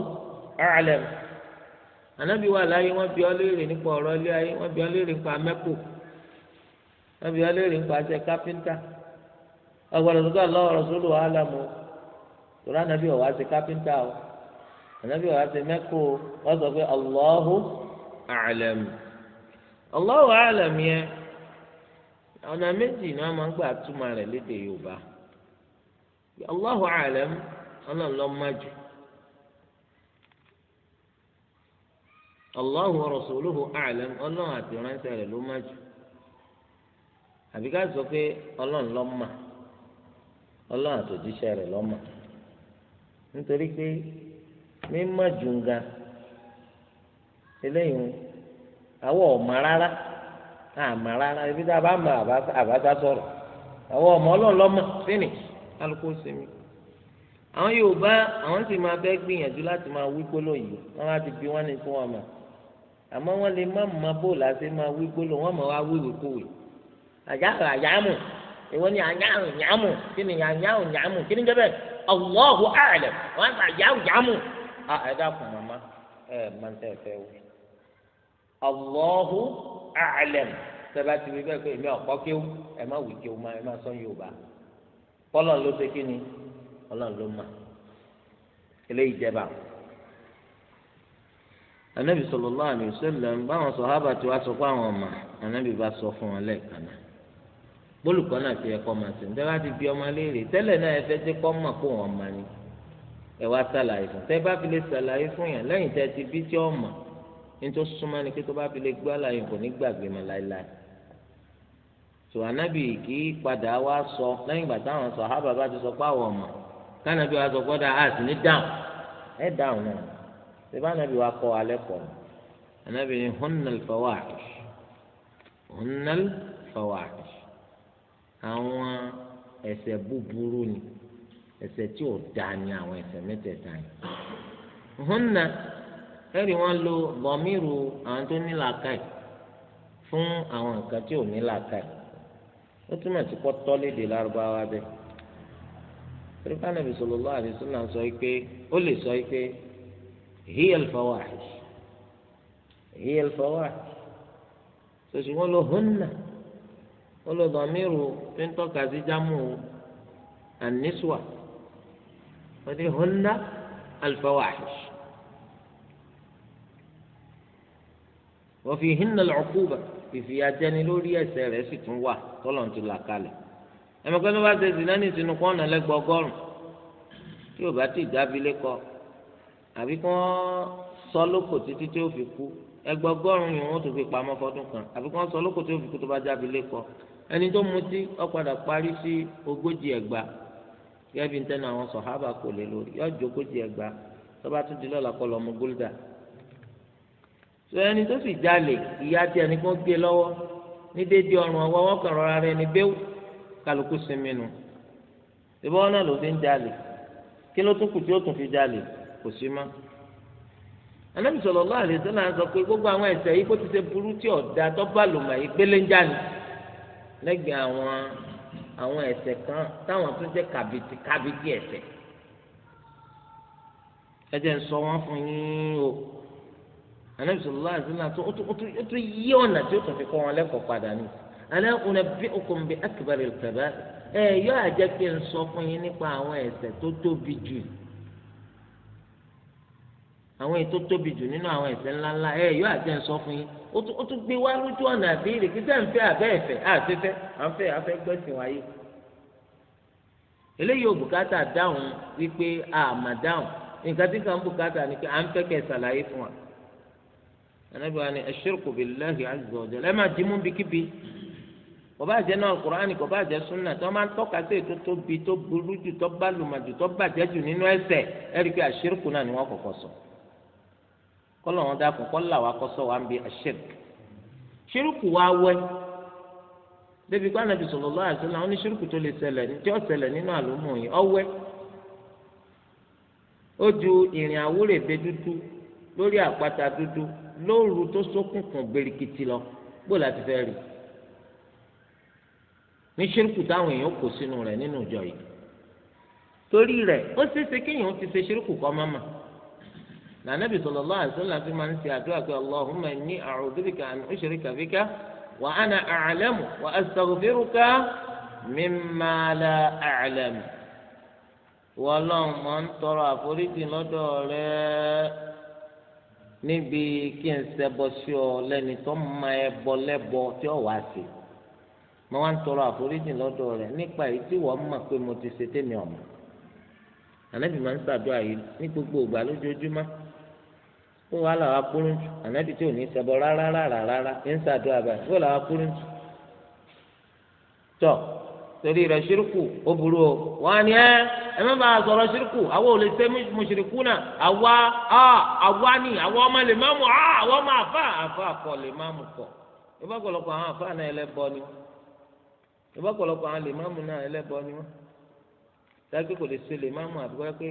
a'lam anabi wa wọn bí wọn léèrè nípa ọ̀rọ̀ ilé ayé wọn bí wọn léèrè nípa wọn bí wọn léèrè nípa ṣe kápẹńtà ọgbọdọ tó gbà lọ́wọ́ rọṣọlù wàhálà o anabi mẹkọ ọ sọ pé Allahu a'lam Allahu a'lam Allahu alam ọlọ́run ló mọ̀ jù Allahu wa rasuluhu alam ọlọ́run àti ránṣẹ́ rẹ̀ ló mọ̀ sọ pé ọlọ́run ló mọ̀ ọlọ́run àti òjíṣẹ́ rẹ̀ ló mọ̀ nítorí pé mímọ̀ jù ń ga eléyìí a kálukú sinmi àwọn Yorùbá àwọn sì máa fẹ́ gbìyànjú láti máa wí gbólóò yìí wọ́n á ti bí wọ́n ní fún wọn mà àmọ́ wọ́n lè má mọ bóòlù àti máa wí gbólóò wọ́n mọ̀ wá wíwì kúwì àjàrò àjàmù ìwọ ni àjàrò nyàmù kí ni àjàrò nyàmù kí ni jẹ́bẹ̀ Allahu a'lam wọ́n á sà àjàrò nyàmù. ẹ dákun màmá ẹ máa ń tẹ́ ẹ fẹ́ wí Allahu a'lam sẹ́bàtì wípé èmi ọ̀pọ̀ kéwù ẹ má wí kéwù má ẹ má sọ Yorùbá kọ́lọ́n ló ṣe kí ni kọ́lọ́n ló mà eléyìí jẹba anabi sallallahu alaihi wasallam báwọn sọhábà tí wàá sọ fún àwọn ọmọ anabi bá sọ fún wọn lẹ́ẹ̀kan náà bólùkọ́ náà ti ẹ̀kọ́ máa sè ń tẹ́ bá ti bí ọmọ léèrè tẹ́lẹ̀ náà ẹ fẹ́ tí kọ́ mà kó wọn mà ni ẹ wá ṣàlàyé fún tẹ́ bá fi lè ṣàlàyé fún yàn lẹ́yìn tẹ́ ti bí tí ọ ní tó súnmọ́ ni pé tó bá fi lè gbọ́ àlàyé kò ní gbàgbé mọ́ láéláé sọ anábì kì í padà wá sọ lẹ́yìn ìgbà táwọn sàhábà bá ti sọ pé àwọn ọmọ kánábì wa sọ pé ọ̀dà àti ní dáhùn ẹ̀ dáhùn náà ṣèbá anábì wa kọ́ alẹ́ pọ̀ anábì ní hunnal fawahish hunnal fawahish àwọn ẹ̀ṣẹ̀ búburú ni ẹ̀ṣẹ̀ tí ò dáa ni àwọn ẹ̀ṣẹ̀ mẹ́tẹ̀ẹ̀ta yìí hunna ẹ̀rí wọn lo bọ̀míru àwọn tó ní làákàyè fún àwọn nǹkan tí ò ní làákàyè. ó túmọ̀ sí kọ́ tọ́lédè lárúbáwá bẹ́ẹ̀ tẹ̀lifá nàbì sallallahu alaihi wasallam sọ pé ó lè sọ pé hiya al hí hiya al-fawahish sọ̀sì wọn lọ hunna wọn lọ dọ̀míìrù tó ń tọ́ka sí jámù an-niswa wọ́n ti hunna al-fawahish. وفيهن العقوبة ìfìyàjẹni lórí ẹ̀ṣẹ̀ rẹ̀ sì tún wà tọ́lọ̀ ti là kalẹ̀ ẹ̀mọ́kẹ́ tó bá ṣe zìnà ní ìsinú kọ́ ọ̀nà lẹ́gbọ̀ ọgọ́rùn tí ò bá ti dábìlẹ̀ kọ àbí kí wọ́n sọ lóko títí tí ó fi kú ẹgbẹ́ ọgọ́rùn yìí wọ́n tún fi pamọ́ fọdún kan àbí kí wọ́n sọ lóko tí ó fi kú tó bá dábìlẹ̀ kọ ẹni tó mutí ó parí sí ogójì ẹgbà gẹ́gẹ́ bí ntẹ́nu àwọn sọ̀hábà kò lè lórí yọ sọ ẹni tó sì jalè ìyá tí ẹni kan gbé lọ́wọ́ ní déédéé ọrùn ọwọ́ wọn kàn rọra rẹ ní bẹ́ẹ̀ kálukú sinmi nù ìbọn wọn náà ló fi ń jalè kí ló tún kù tí ó tún fi jalè kò sí mọ́ anabi sọlọ lọ àlè tó náà sọ pé gbogbo àwọn ẹ̀ṣẹ̀ yìí kó ti ṣe burú tí ọdá tó bá lò mà yìí gbélé ń jáde lẹ́gbẹ̀ẹ́ àwọn àwọn ẹ̀ṣẹ̀ kan táwọn tó jẹ kàbìtì kàbìtì ẹ̀ṣẹ̀ ẹjẹ ń sọ wọn fún yín o anabi sallallahu alaihi wasallam ó tún yí ọ̀nà tí ó tún fi kọ́ wọn lẹ́kọ̀ọ́ padà ní. ala unabbi'ukum bi akbaril kaba'ir ẹ yọ àjẹ́ kí n sọ fún yín nípa àwọn ẹ̀ṣẹ̀ tó tóbi jù àwọn ètò tóbi jù nínú àwọn ẹ̀ṣẹ̀ ńláńlá ẹ yọ àjẹ́ ń sọ fún yín ó tún gbé wá lójú ọ̀nà àbẹ́rẹ́ kí sẹ́ẹ̀ ń fẹ́ àbẹ́ ẹ̀fẹ́ àfẹ́fẹ́ àfẹ́ àfẹ́ gbẹ̀sìn wáyé eléyìí ò dáhùn wípé àmà dáhùn nǹkan tí kan bùkátà ni pé à ń fẹ́ kẹ́ ṣàlàyé fún wa anabi wa ni ashirku billahi azza wa jalla ẹ máa dìímú bikibi kò bá jẹ́ náà kuraani kò bá jẹ́ sunna tó máa ń tọ́ka sí ètò tó bi tó burú jù tó bá lùmàjù tó bàjẹ́ jù nínú ẹ̀ṣẹ̀ ẹ rí i pé ashirku náà ni wọ́n kọ́kọ́ sọ kọ́lọ̀ wọn dà kún kọ́lá wa kọ́ sọ wa ń bi ashirku shirku wa wẹ́ débi kó anabi sallallahu alaihi wasallam ní shirku tó lè ṣẹlẹ̀ tí ó ṣẹlẹ̀ nínú àlùmọ̀ yìí ọwẹ́ ó ju ìrìn àwúrẹ̀ bẹ dúdú lórí àpáta dúdú lóru tó ṣókùnkùn gbèrìkìtì lọ bó láti fẹ́ rí ní ṣírùkù táwọn èèyàn kò sínú rẹ̀ nínú ìjọ yìí torí rẹ̀ ó ṣeéṣe kéèyàn ti ṣe ṣírùkù kọ́ mọ́mọ́ nànàbì sallallahu alaihi wasallam fi máa ń ṣe àdúrà pé Allahumma inni a'udhu bika an ushrika bika wa ana a'lamu wa astaghfiruka mimma la a'lamu wọ́n lọ́n mọ́ ń tọrọ àforíjì lọ́dọ̀ rẹ̀ níbi kí n ṣẹbọ sí ọ lẹ́ni tó ma ẹbọ lẹ́bọ tí ọ wá sí mo wá ń tọrọ àforíjì lọ́dọ̀ rẹ̀ nípa èyí tí wọ́n mọ̀ pé mo ti ṣe tèmi ọ̀mọ̀ ànábì máa ń ṣàdúrà yìí ní gbogbo ìgbà lójoojúmọ́ ó wàá làwọn akúrúntù ànábì tí ò ní ṣẹbọ rárá rárá rárá ń ṣàdúrà báyìí ó làwọn akúrúntù tọ́. So, torí rẹ̀ ṣírùkù ó burú o wọ́n á ní ẹ́ ẹ má bàa sọ̀rọ̀ ṣírùkù àwọn ò lè ṣe mùṣírìkù náà àwa àwa ni àwa ọmọ lè má mú àwa ọmọ àfa àfa kọ lè má mú kọ ìbọ̀pọ̀lọpọ̀ àwọn àfa náà ẹlẹ́bọ ni wọ́n ìbọ̀pọ̀lọpọ̀ àwọn lè má mú náà ẹlẹ́bọ ni wọ́n dájú kò lè ṣe lè má mú àbúkọ́ pé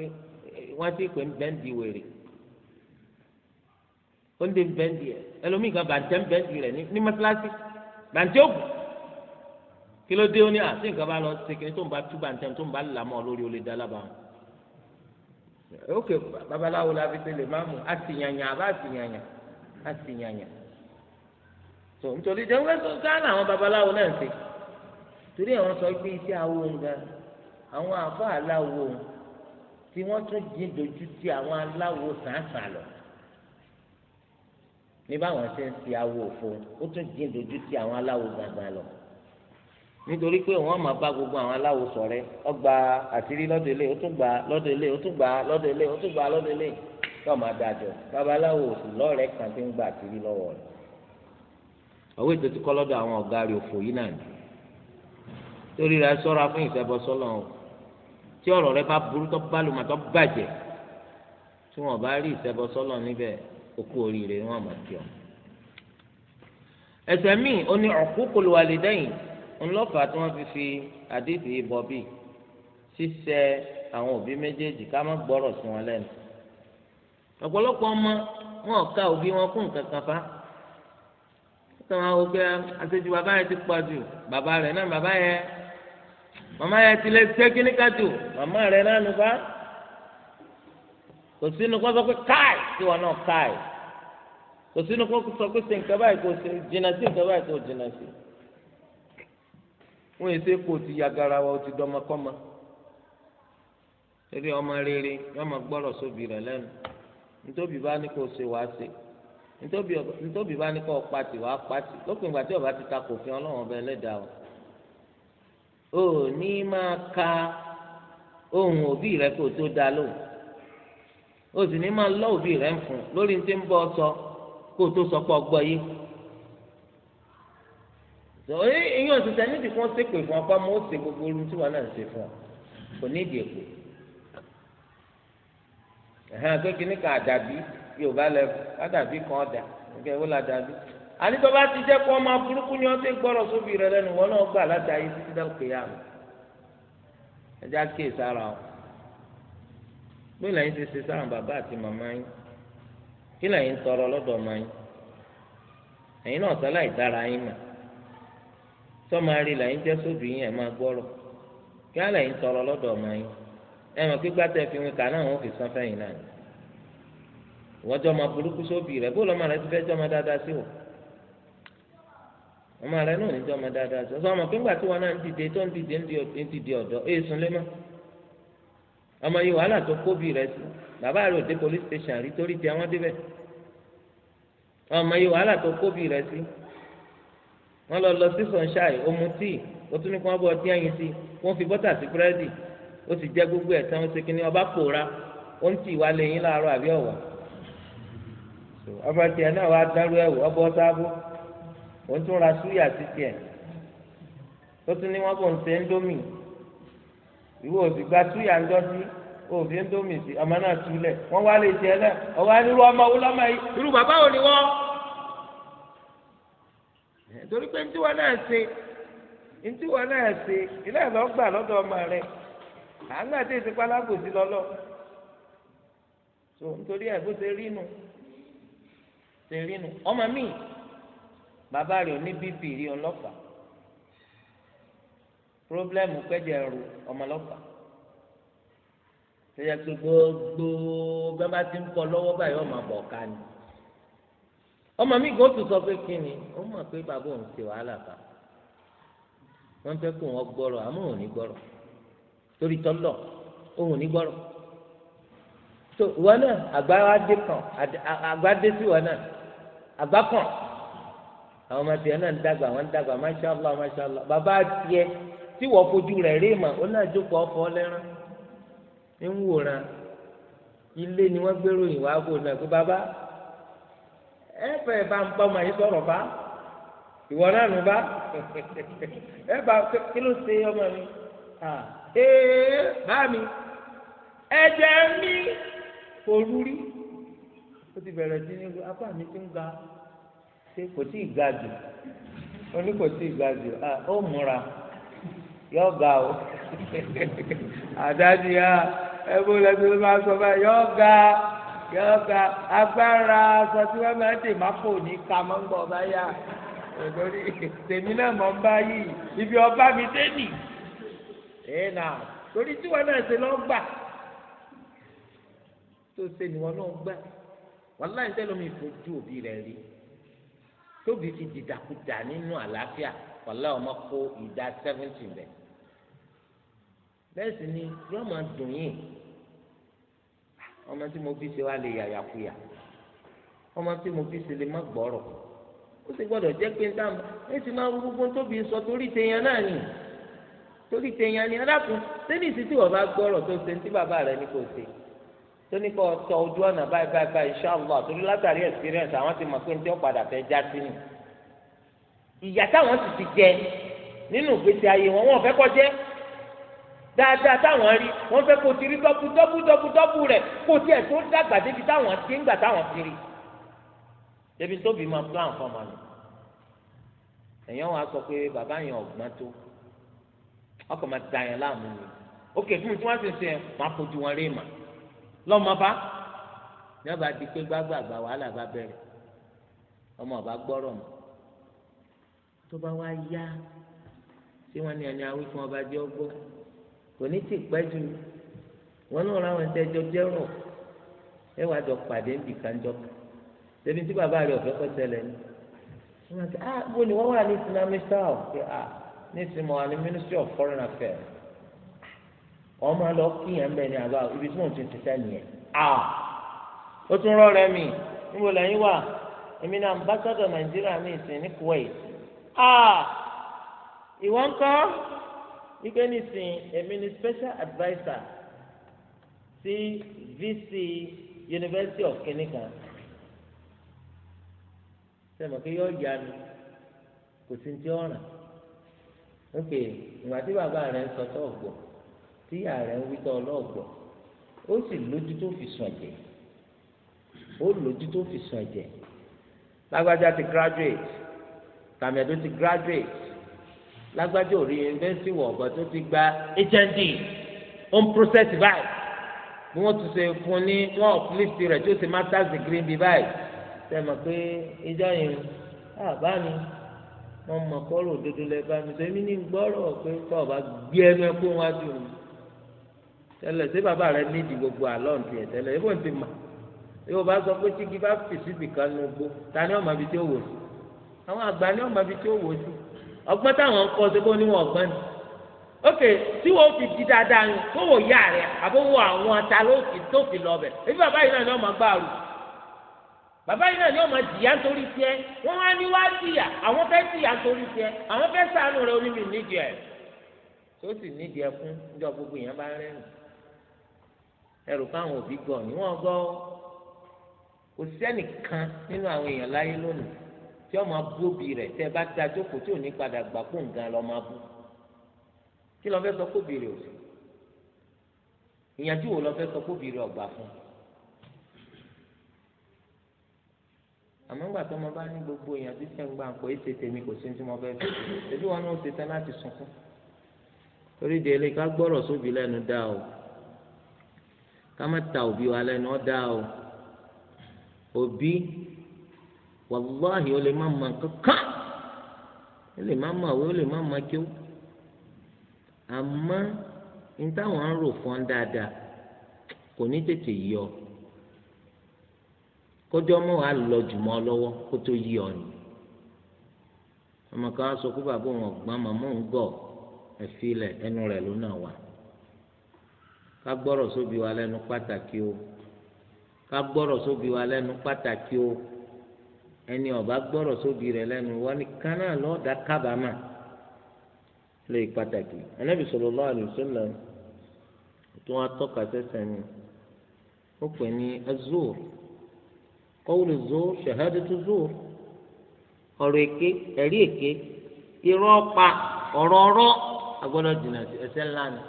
wọ́n ti pè ń bẹ́ǹdì wèrè ó ń dé bẹ́ǹdì ẹ̀ ẹlòmíì kan bàjẹ́ bẹ́ǹdì rẹ̀ ní mọ́tíláṣí bàjẹ́ ògùn kí ló dé ó ní àti ah, nǹkan bá lọ ṣe kí ni tó ń bá túbà ń tẹ́ tó ń bá làmọ́ lórí olè dálábà wọn. ok babaláwo la fi tẹ́lẹ̀ máa mú àtìyànyàn àbá àtìyànyàn àtìyànyàn tó nítorí jẹun pé káàlà àwọn babaláwo náà ṣe torí àwọn sọ pé iṣẹ́ awo ń ga àwọn àbá aláwo tí wọ́n tún jí dojú ti àwọn aláwo sàǹsàn lọ ní báwọn ṣe ń ṣe awo òfo ó tún jí dojú ti àwọn aláwo gbàgbà lọ nítorí pé wọn máa bá gbogbo àwọn aláwo ṣọ̀rẹ́ ọgbà àṣírí lọ́dọ̀ ilé ó tún gbà lọ́dọ̀ ilé ó tún gbà lọ́dọ̀ ilé ó tún gbà lọ́dọ̀ ilé yóò máa dájọ́ babaláwo sì lọrẹ kan tí ń gbà àṣírí lọ́wọ́ rẹ̀ ọwọ́ ètò ti kọ lọ́dọ̀ àwọn ọ̀gá rẹ̀ òfò yìí náà ni torí rẹ̀ ṣọ́ra fún ìfẹbọsọlọ tí ọ̀rọ̀ rẹ̀ bá burú tó bá lùmọ tó bàjẹ́ tí wọn bá rí ìfẹbọsọlọ níbẹ̀ okú oríire wọn máa kí ọ ńlọ́fà tí wọ́n fi fi àdìsí ibọ̀ bí ṣíṣe àwọn òbí méjèèjì ká má gbọ́rọ̀ sí wọn lẹ́nu ọ̀pọ̀lọpọ̀ ọmọ wọn ká òbí wọn kún kankan fa tó wọn wò pé àṣejù bàbá yẹn ti pọ̀ jù bàbá rẹ̀ náà bàbá yẹn màmá yẹn ti lè ṣe kíní ká jù màmá rẹ̀ náà nù fa kò sínú kó sọ pé káì tí wọn náà káì kò sínú kó sọ pé ṣe nǹkan báyìí kò jìnnà sí nǹkan báyìí kò jìnnà sí wọn èsè kò ti ya garawa ó ti dọmọkọmọ torí ọmọ rere yọọ máa gbọ́rọ̀ sóbì rẹ̀ lẹ́nu nítòbí bá ní kò ṣe wàá ṣe nítòbí bá ní kò pati wàá pati lópin ìgbà tí ọba ti ta kò fi ọlọ́run ọba ẹlẹ́dàá o ò ní máa ka ohun òbí rẹ kò tó da lóhùn o sì ní máa lọ òbí rẹ ń fún lórí ti ń bọ́ sọ kó o tó sọ pé ọgbọ́ yìí. sọ̀rí ìyẹn òṣìṣẹ́ nídìí kí wọ́n ṣe pè fún ọkọ mọ́ ó gbogbo ohun tí wọ́n náà ń ṣe fún ọ kò nídìí èkó ẹ̀hán pé kíní kan àdàbí yorùbá lẹ àdàbí kan la dàbí àní bá ti jẹ́ kó ọmọ burúkú ni wọ́n ti gbọ́rọ̀ sóbì rẹ lẹ́nu wọn náà gbà láti ayé títí dákè yá àkíyè sára o bí lẹ́yìn ti ṣe sára bàbá àti màmá yín kí tọrọ lọ́dọ̀ ọmọ yín náà sọ láì dára yín sọmaari làyín jẹ́ sóbì yín ẹ̀ máa gbọ́rọ̀ kí á làyín tọrọ lọ́dọ̀ ọmọ yín ẹ mọ̀ pé gbàtẹ́ fi wọn kà náà wọ́n fi san fẹ́yìn náà wọ́n jọ ọmọ burúkú sóbì rẹ̀ ti jọ dáadáa sí ọmọ náà ní jọ dáadáa sí pé wọn náà ń dìde tó ń dìde ń dìde sunlé ọmọ yìí wàhálà tó sí bàbá police station rí torí wọ́n lọ lọ sí sunshine omu tíì ó tún ní kí wọ́n bọ̀ dín ẹyin sí wọ́n fi bọ́tà sí búrẹ́dì ó sì jẹ́ gbogbo ẹ̀ tán ó ṣe kínní ọba pòórá ó ń tì wá lẹ́yìn láàárọ̀ àbí ọ̀wọ́ ọba tiẹ̀ náà wá dárú ẹ̀wọ̀ ọba ọ̀sáàbù ó tún ra súyà sí tiẹ̀ ó tún ní wọ́n bọ̀ ń ṣe ńdómì ìwọ òsì gba súyà ńjọ́ sí òfin ńdómì sí ọmọ náà túlẹ̀ wọ́n wá lè jẹ́ náà ọ̀wá nírú ọmọ wúlọ́mọ yìí irú bàbá òní wọ́n nítorí pé ntí wọn náà ṣe ntí wọn náà ṣe ilé ẹ̀ lọ́gbà lọ́dọ̀ ọmọ rẹ àánú àti ìsìnkú alágbòsí lọ́lọ́ so nítorí ẹ̀ bó ṣe rí nu ṣe rí nu ọmọ mi bàbá rẹ̀ ò ní bíbí rí ọlọ́pàá pírọ́blẹ́mù pẹ́jẹ ẹ̀rù ọmọlọ́pàá ṣe yẹ kí gbogbo bẹ́ẹ̀ bá ti ń kọ lọ́wọ́ báyìí ọmọ àbọ̀ ni ọmọ mi gan tún sọ pé kí ni ó mọ̀ pé bàbá òun ti wàhálà kan wọ́n fẹ́ kó wọn gbọ́rọ̀ àmọ́ òun ní gbọ́rọ̀ torí tọ́lọ̀ òun ní gbọ́rọ̀ tó ìwọ náà àgbà adé kan àgbà adé sí ìwọ náà àgbà kan àwọn ọmọ tiẹ̀ náà ń dàgbà wọ́n ń dàgbà mashallah mashallah bàbá tiẹ̀ tí wọ́n fojú rẹ̀ rí mà ó náà jókòó ọ̀fọ̀ lẹ́rán ń wòran ilé ni wọ́n gbérò ìwà ẹ bẹ bá ń bá ìwọ náà nù bá ee bá mi ẹ̀jẹ̀ mi kò lúrí ó ti bẹ̀rẹ̀ sí ní ń ga kò tí ì ga jù ó ní kò tí ì ga jù ó múra yọ ga o àdájú ya ẹ bó lẹsẹ ló máa sọ yọ yọ̀ọ̀ka agbára aṣọ tí wọ́n máa ń tè má pò ní kamọ́ngbọ̀ bá yá lórí tèmi náà mọ̀ ń bá yìí ibi ọba mi dé nì. ẹ̀ nà torí tí wọ́n náà ṣe lọ́ọ́ gbà tó ṣe ni wọ́n náà gbà wọ́n láì sẹ́lẹ̀ mi fojú òbí rẹ̀ rí tóbi fi dìdàkudà nínú àlàáfíà wọ́n láwọn máa kó ìdá sẹ́fẹ̀ntì rẹ̀ bẹ́ẹ̀ sì ni yọ́ọ̀ máa dùn yìí ọmọ tí mo bí ṣe wá lè yàyàkuyà ọmọ tí mo bí ṣe lè má gbọ́rọ̀ ó sì gbọ́dọ̀ jẹ́ pé níta ẹ sì máa gbogbo tóbi sọ torí tèèyàn náà nì torí tèèyàn ni adákun sẹ́ni ìsìtì wọ́n bá gbọ́rọ̀ tó ṣe tí bàbá rẹ̀ ní kò ṣe tó ní kọ́ tọ ojú ọ̀nà báyìí báyìí báyìí inṣàlá torí látàrí experience àwọn ti mọ̀ pé ní ọ̀padà fẹ́ já sí ni ìyá táwọn sì ti jẹ nínú ìgbésí ayé wọn wọn ò fẹ́ kọ́ jẹ́ dáadáa táwọn rí wọn fẹ́ kó ti rí dọ́bù dọ́bù dọ́bù dọ́bù rẹ̀ kó tiẹ̀ tó dàgbà débi táwọn ti ń gbà táwọn ti rí débi tó bí máa plan fọmọ nù èèyàn wàá sọ pé bàbá yẹn ọ̀gbọ́n tó ọkọ̀ máa da yẹn láàmú ni òkè fún mi tí wọ́n ti sẹ́ máa kojú wọn rí mà lọ́mọ bá ní ọba di pé gbàgbàgbà wàhálà bá bẹ̀rẹ̀ ọmọ ọba gbọ́rọ̀ mọ́ tó bá wá yá tí wọ́n ní ẹni kò ní ti pẹ́ wọn náà láwọn ẹsẹ̀ ẹjọ́ dẹ́rọ̀ ẹ wàá jọ pàdé ń bì kánjọ́ tẹ̀mí tí bàbá rẹ̀ ọ̀fẹ́ kọ́ tẹ́lẹ̀ ni wọ́n ah, wọ́n wà ní ah ní ministry of foreign affairs wọ́n máa lọ kíyàn bẹ́ẹ̀ ni ibi tí wọ́n ti ti nìyẹn ah ó tún rọ́ rẹ mi níbo lẹ́yìn wà èmi ambassador wípé nísìn èmi ni special adviser sí VC University of Kenya. sẹ́mi pé yọ yanu kò sí ti ọ̀ràn ok ìgbà tí bàbá rẹ ń sọ tó ọ̀gbọ̀ tí ìyá rẹ ń wí tó ọlọ́ọ̀gbọ̀ ó sì lójú tó fi sùn ẹ̀jẹ̀ ó lójú tó fi sùn ẹ̀jẹ̀ lágbájá ti graduate tàmẹ̀dó ti graduate lágbájá òrí yunifásitì wọ̀ ọ̀gbọ́n tó ti gba hnd on process báyìí bí wọ́n tún ṣe fún ní wọ́n uplift rẹ̀ tí ó ṣe masters degree bíi báyìí ṣe mọ̀ pé ìjọ yìí àbá mi wọ́n mọ̀ kọ́rọ̀ òdodo lẹ́ bá mi sọ èmi ní gbọ́rọ̀ pé bá ọba gbé ẹnu ẹkún wájú mi tẹ́lẹ̀ ṣé bàbá rẹ nídìí gbogbo àlọ́ ntì ẹ̀ tẹ́lẹ̀ ebó ntì mà yóò bá sọ pé tí kí bá fèsì bìkan nu gbó ta ni ọmọ ọgbọ́n táwọn ń kọ́ síbó níwọ̀n ọgbọ́n ni ok tí wọ́n fi di dáadáa ni tó wò yá rẹ̀ àbó wo àwọn ata ló fi tó fi lọ bẹ̀ ebi bàbá yìí náà ni wọ́n máa gbà rù bàbá yìí náà ni wọ́n máa jìyà nítorí tiẹ̀ wọ́n wá ní wá jìyà àwọn fẹ́ jìyà nítorí tiẹ̀ àwọn fẹ́ sànù rẹ̀ onímì nídìí ẹ̀ tó sì nídìí ẹ̀ fún níjọ́ gbogbo yẹn bá rẹ́rìn ẹrù káwọn òbí gọ̀ ni wọ́n gọ́ kò sẹ́nìkan nínú àwọn èèyàn láyé lónìí tí ọmọ abú òbí rẹ̀ tẹ́ bá da jókòó tí ò ní padà gbà kó nǹkan lọ máa bú kí lọ fẹ́ sọ kó bèrè òsì ìyànjú wo lọ fẹ́ sọ kó bèrè ọgbà fún àmọ́ ńgbà tó mo bá ní gbogbo ìyànjú tẹ̀ ń gbà kó èsì tèmi kò sí ní tí mo fẹ́ fi ṣèjú wọn náà ó ṣe tán láti sunkún torí di eléyìí ká gbọ́rọ̀ sóbì lẹ́nu dá o ká má ta òbí wa lẹ́nu ọ́ dá o òbí wàláhì ó lè má ma kankan ó lè má ma òwe ó lè má ma kí ó àmọ́ ní táwọn ń rò fún ọ dáadáa kò ní tètè yọ kójọ́ mọ́ wàá lọ jùmọ́ lọ́wọ́ kó tó yí ọ ni ọmọ kan á sọ pé bàbá òun ọ̀gbọ́n màmá òun gọ̀ ẹ̀fí ẹnu rẹ̀ ló náà wà ká gbọ́rọ̀ sóbi wa lẹ́nu pàtàkì o ká gbọ́rọ̀ sóbi wa lẹ́nu pàtàkì o ẹni ọba gbọ́rọ̀ sóbi rẹ̀ lẹ́nu wọn ni kánà lọ́ọ̀dà kábàámà lè pàtàkì Ànábì sallallahu alaihi wasallam tó wọn atọ́ka sẹ́sẹ̀ ni ó pè ní azur qawlu zur shahadatu zur ọ̀rọ̀ èké ẹ̀rí èké irọ́ pa ọ̀rọ̀ ọ̀rọ̀ agbọ́dọ̀ dènà ẹ̀ṣẹ̀ ńlá ni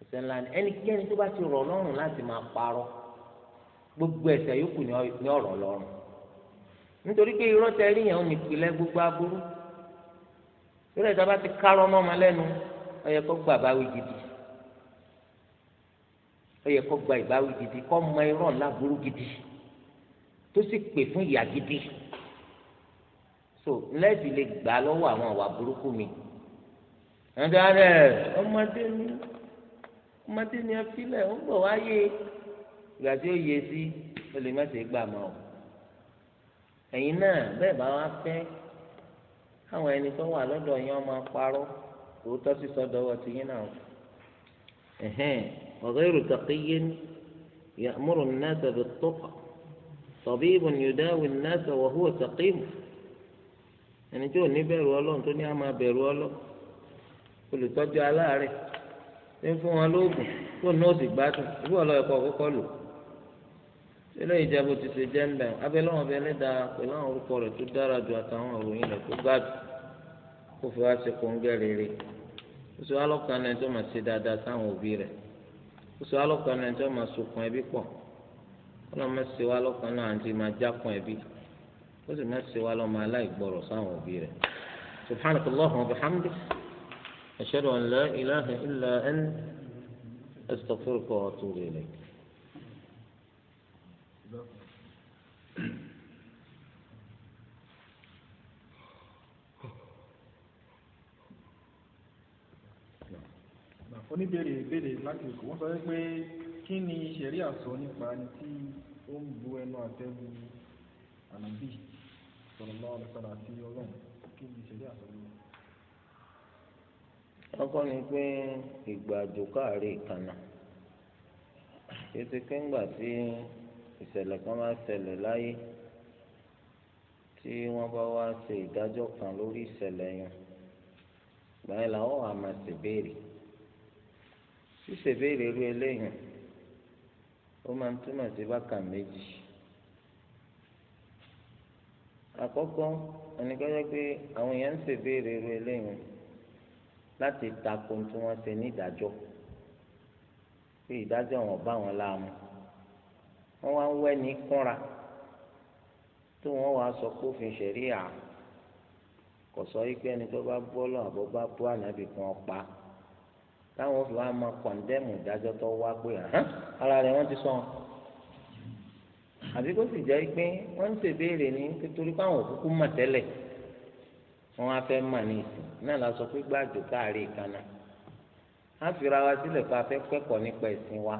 ẹ̀ṣẹ̀ ńlá ni tó bá ti rọ̀ lọ́rùn láti máa parọ́ gbogbo ẹ̀ṣẹ̀ yòókù ni ọ̀rọ̀ lọ́rùn nítorí pé irọ́ tẹ rí yẹn ò ní ìpìlẹ̀ gbogbo aburú irọ́ ìta bá ti kárọ́ mọ́ ọmọ lẹ́nu ó kó gba ìbáwí gidi ó yẹ kó gba ìbáwí gidi kó mọ irọ́ ńlá burú gidi tó sì pè fún ìyà gidi so lẹ́ẹ̀dì lè gbà lọ́wọ́ àwọn àwà burúkú mi ẹ̀dáàrẹ̀ ọmọdé ni ọmọdé ni afílẹ̀ ń bọ̀ wáyé ìgbà tí ó yẹ sí ó lè má ṣe gbà mọ́ ọ. ẹ̀yin náà bẹ́ẹ̀ bá wá fẹ́ àwọn ẹni tó wà lọ́dọ̀ yẹn ọmọ parọ́ òótọ́ sísọ dọwọ́ ti yín náà ẹ̀hẹ́n ọ̀gẹ́rù tàkìyé yàmúrù náà bẹ̀ tọ́kà tọ̀bíìbù yòdáwì náà wà hùwà tàkìyìmù ẹni tí ò ní bẹ̀rù ọlọ́run tó ní àmà bẹ̀rù ọlọ́run olùtọ́jú aláàárẹ̀ ń fún wọn lóògùn tó ní òsì gbádùn ìlú ọlọ́ọ̀kọ́ kọ́kọ́ lò ó. sílẹ̀ ìjẹ́bù ti ṣe jẹ́ mbẹ́ abẹ́lẹ́wọ̀n bẹ́ẹ̀ ní dáa pẹ̀lú àwọn orúkọ rẹ̀ tó dára ju àtàwọn òròyìn rẹ̀ tó gbádùn kó fi wá ṣe kóńgẹ́ rere ó sọ alọ́kan náà tó máa ṣe dáadáa sáwọn òbí rẹ̀ ó sọ alọ́kan náà tó máa sokùn ẹbí pọ̀ ó lọ́ máa ṣe wá lọ́kan náà àti máa jákun ẹbí ó sì máa ṣe wá lọ́mọ aláìgbọ̀rọ̀ sáwọn òbí rẹ̀ subhanaka Allahumma wa bihamdik ashhadu an la ilaha illa anta astaghfiruka wa atubu ilayk oníbèrè ìbéèrè láti èkó sọ pé kí ni ìṣẹ̀rí àsọ nípa ẹni tí bu ẹnu àtẹ́lu ànábì àti ọlọ́run kí ni ìṣẹ̀rí àsọ nípa. ọkọ ni pé ìgbà àjò káàárẹ̀ ìkànnà ètò ìpínlẹ̀ tí. ìṣẹ̀lẹ̀ kan máa ṣẹlẹ̀ láyé tí wọ́n bá wá ṣe ìdájọ́ kan lórí ìṣẹ̀lẹ̀ yẹn gbàyẹn làwọn wà máa ṣèbéèrè ṣíṣèbéèrè irú eléyìí ó máa ń túmọ̀ sí bákan méjì àkọ́kọ́ ẹnikẹ́ni pé àwọn èèyàn ń ṣèbéèrè irú eléyìí láti takò tí wọ́n ṣe ní ìdájọ́ pé ìdájọ́ wọn bá wọn láàmú wọ́n wá ń wẹ́ ní kúnra tó wọ́n wá sọ pé òfin ṣẹ̀ríà kò sọ yí pé ẹni tó bá bọ́ lọ àbọ̀ bá bọ́ ànábì kan pa táwọn fi wá máa kọ̀ǹdẹ́mù ìdájọ́ tó wá pé ara rẹ̀ wọ́n ti sọ àbí kó sì jẹ́ pé wọ́n ń ṣèbéèrè ní nítorí pé àwọn òkúkú mọ̀ tẹ́lẹ̀ wọ́n á fẹ́ mà ní ìsìn náà la sọ pé gbàdúrà káàárẹ̀ ìkànnà á fira wa sílẹ̀ fún afẹ́kọ̀ọ́ nípa ìsìn wa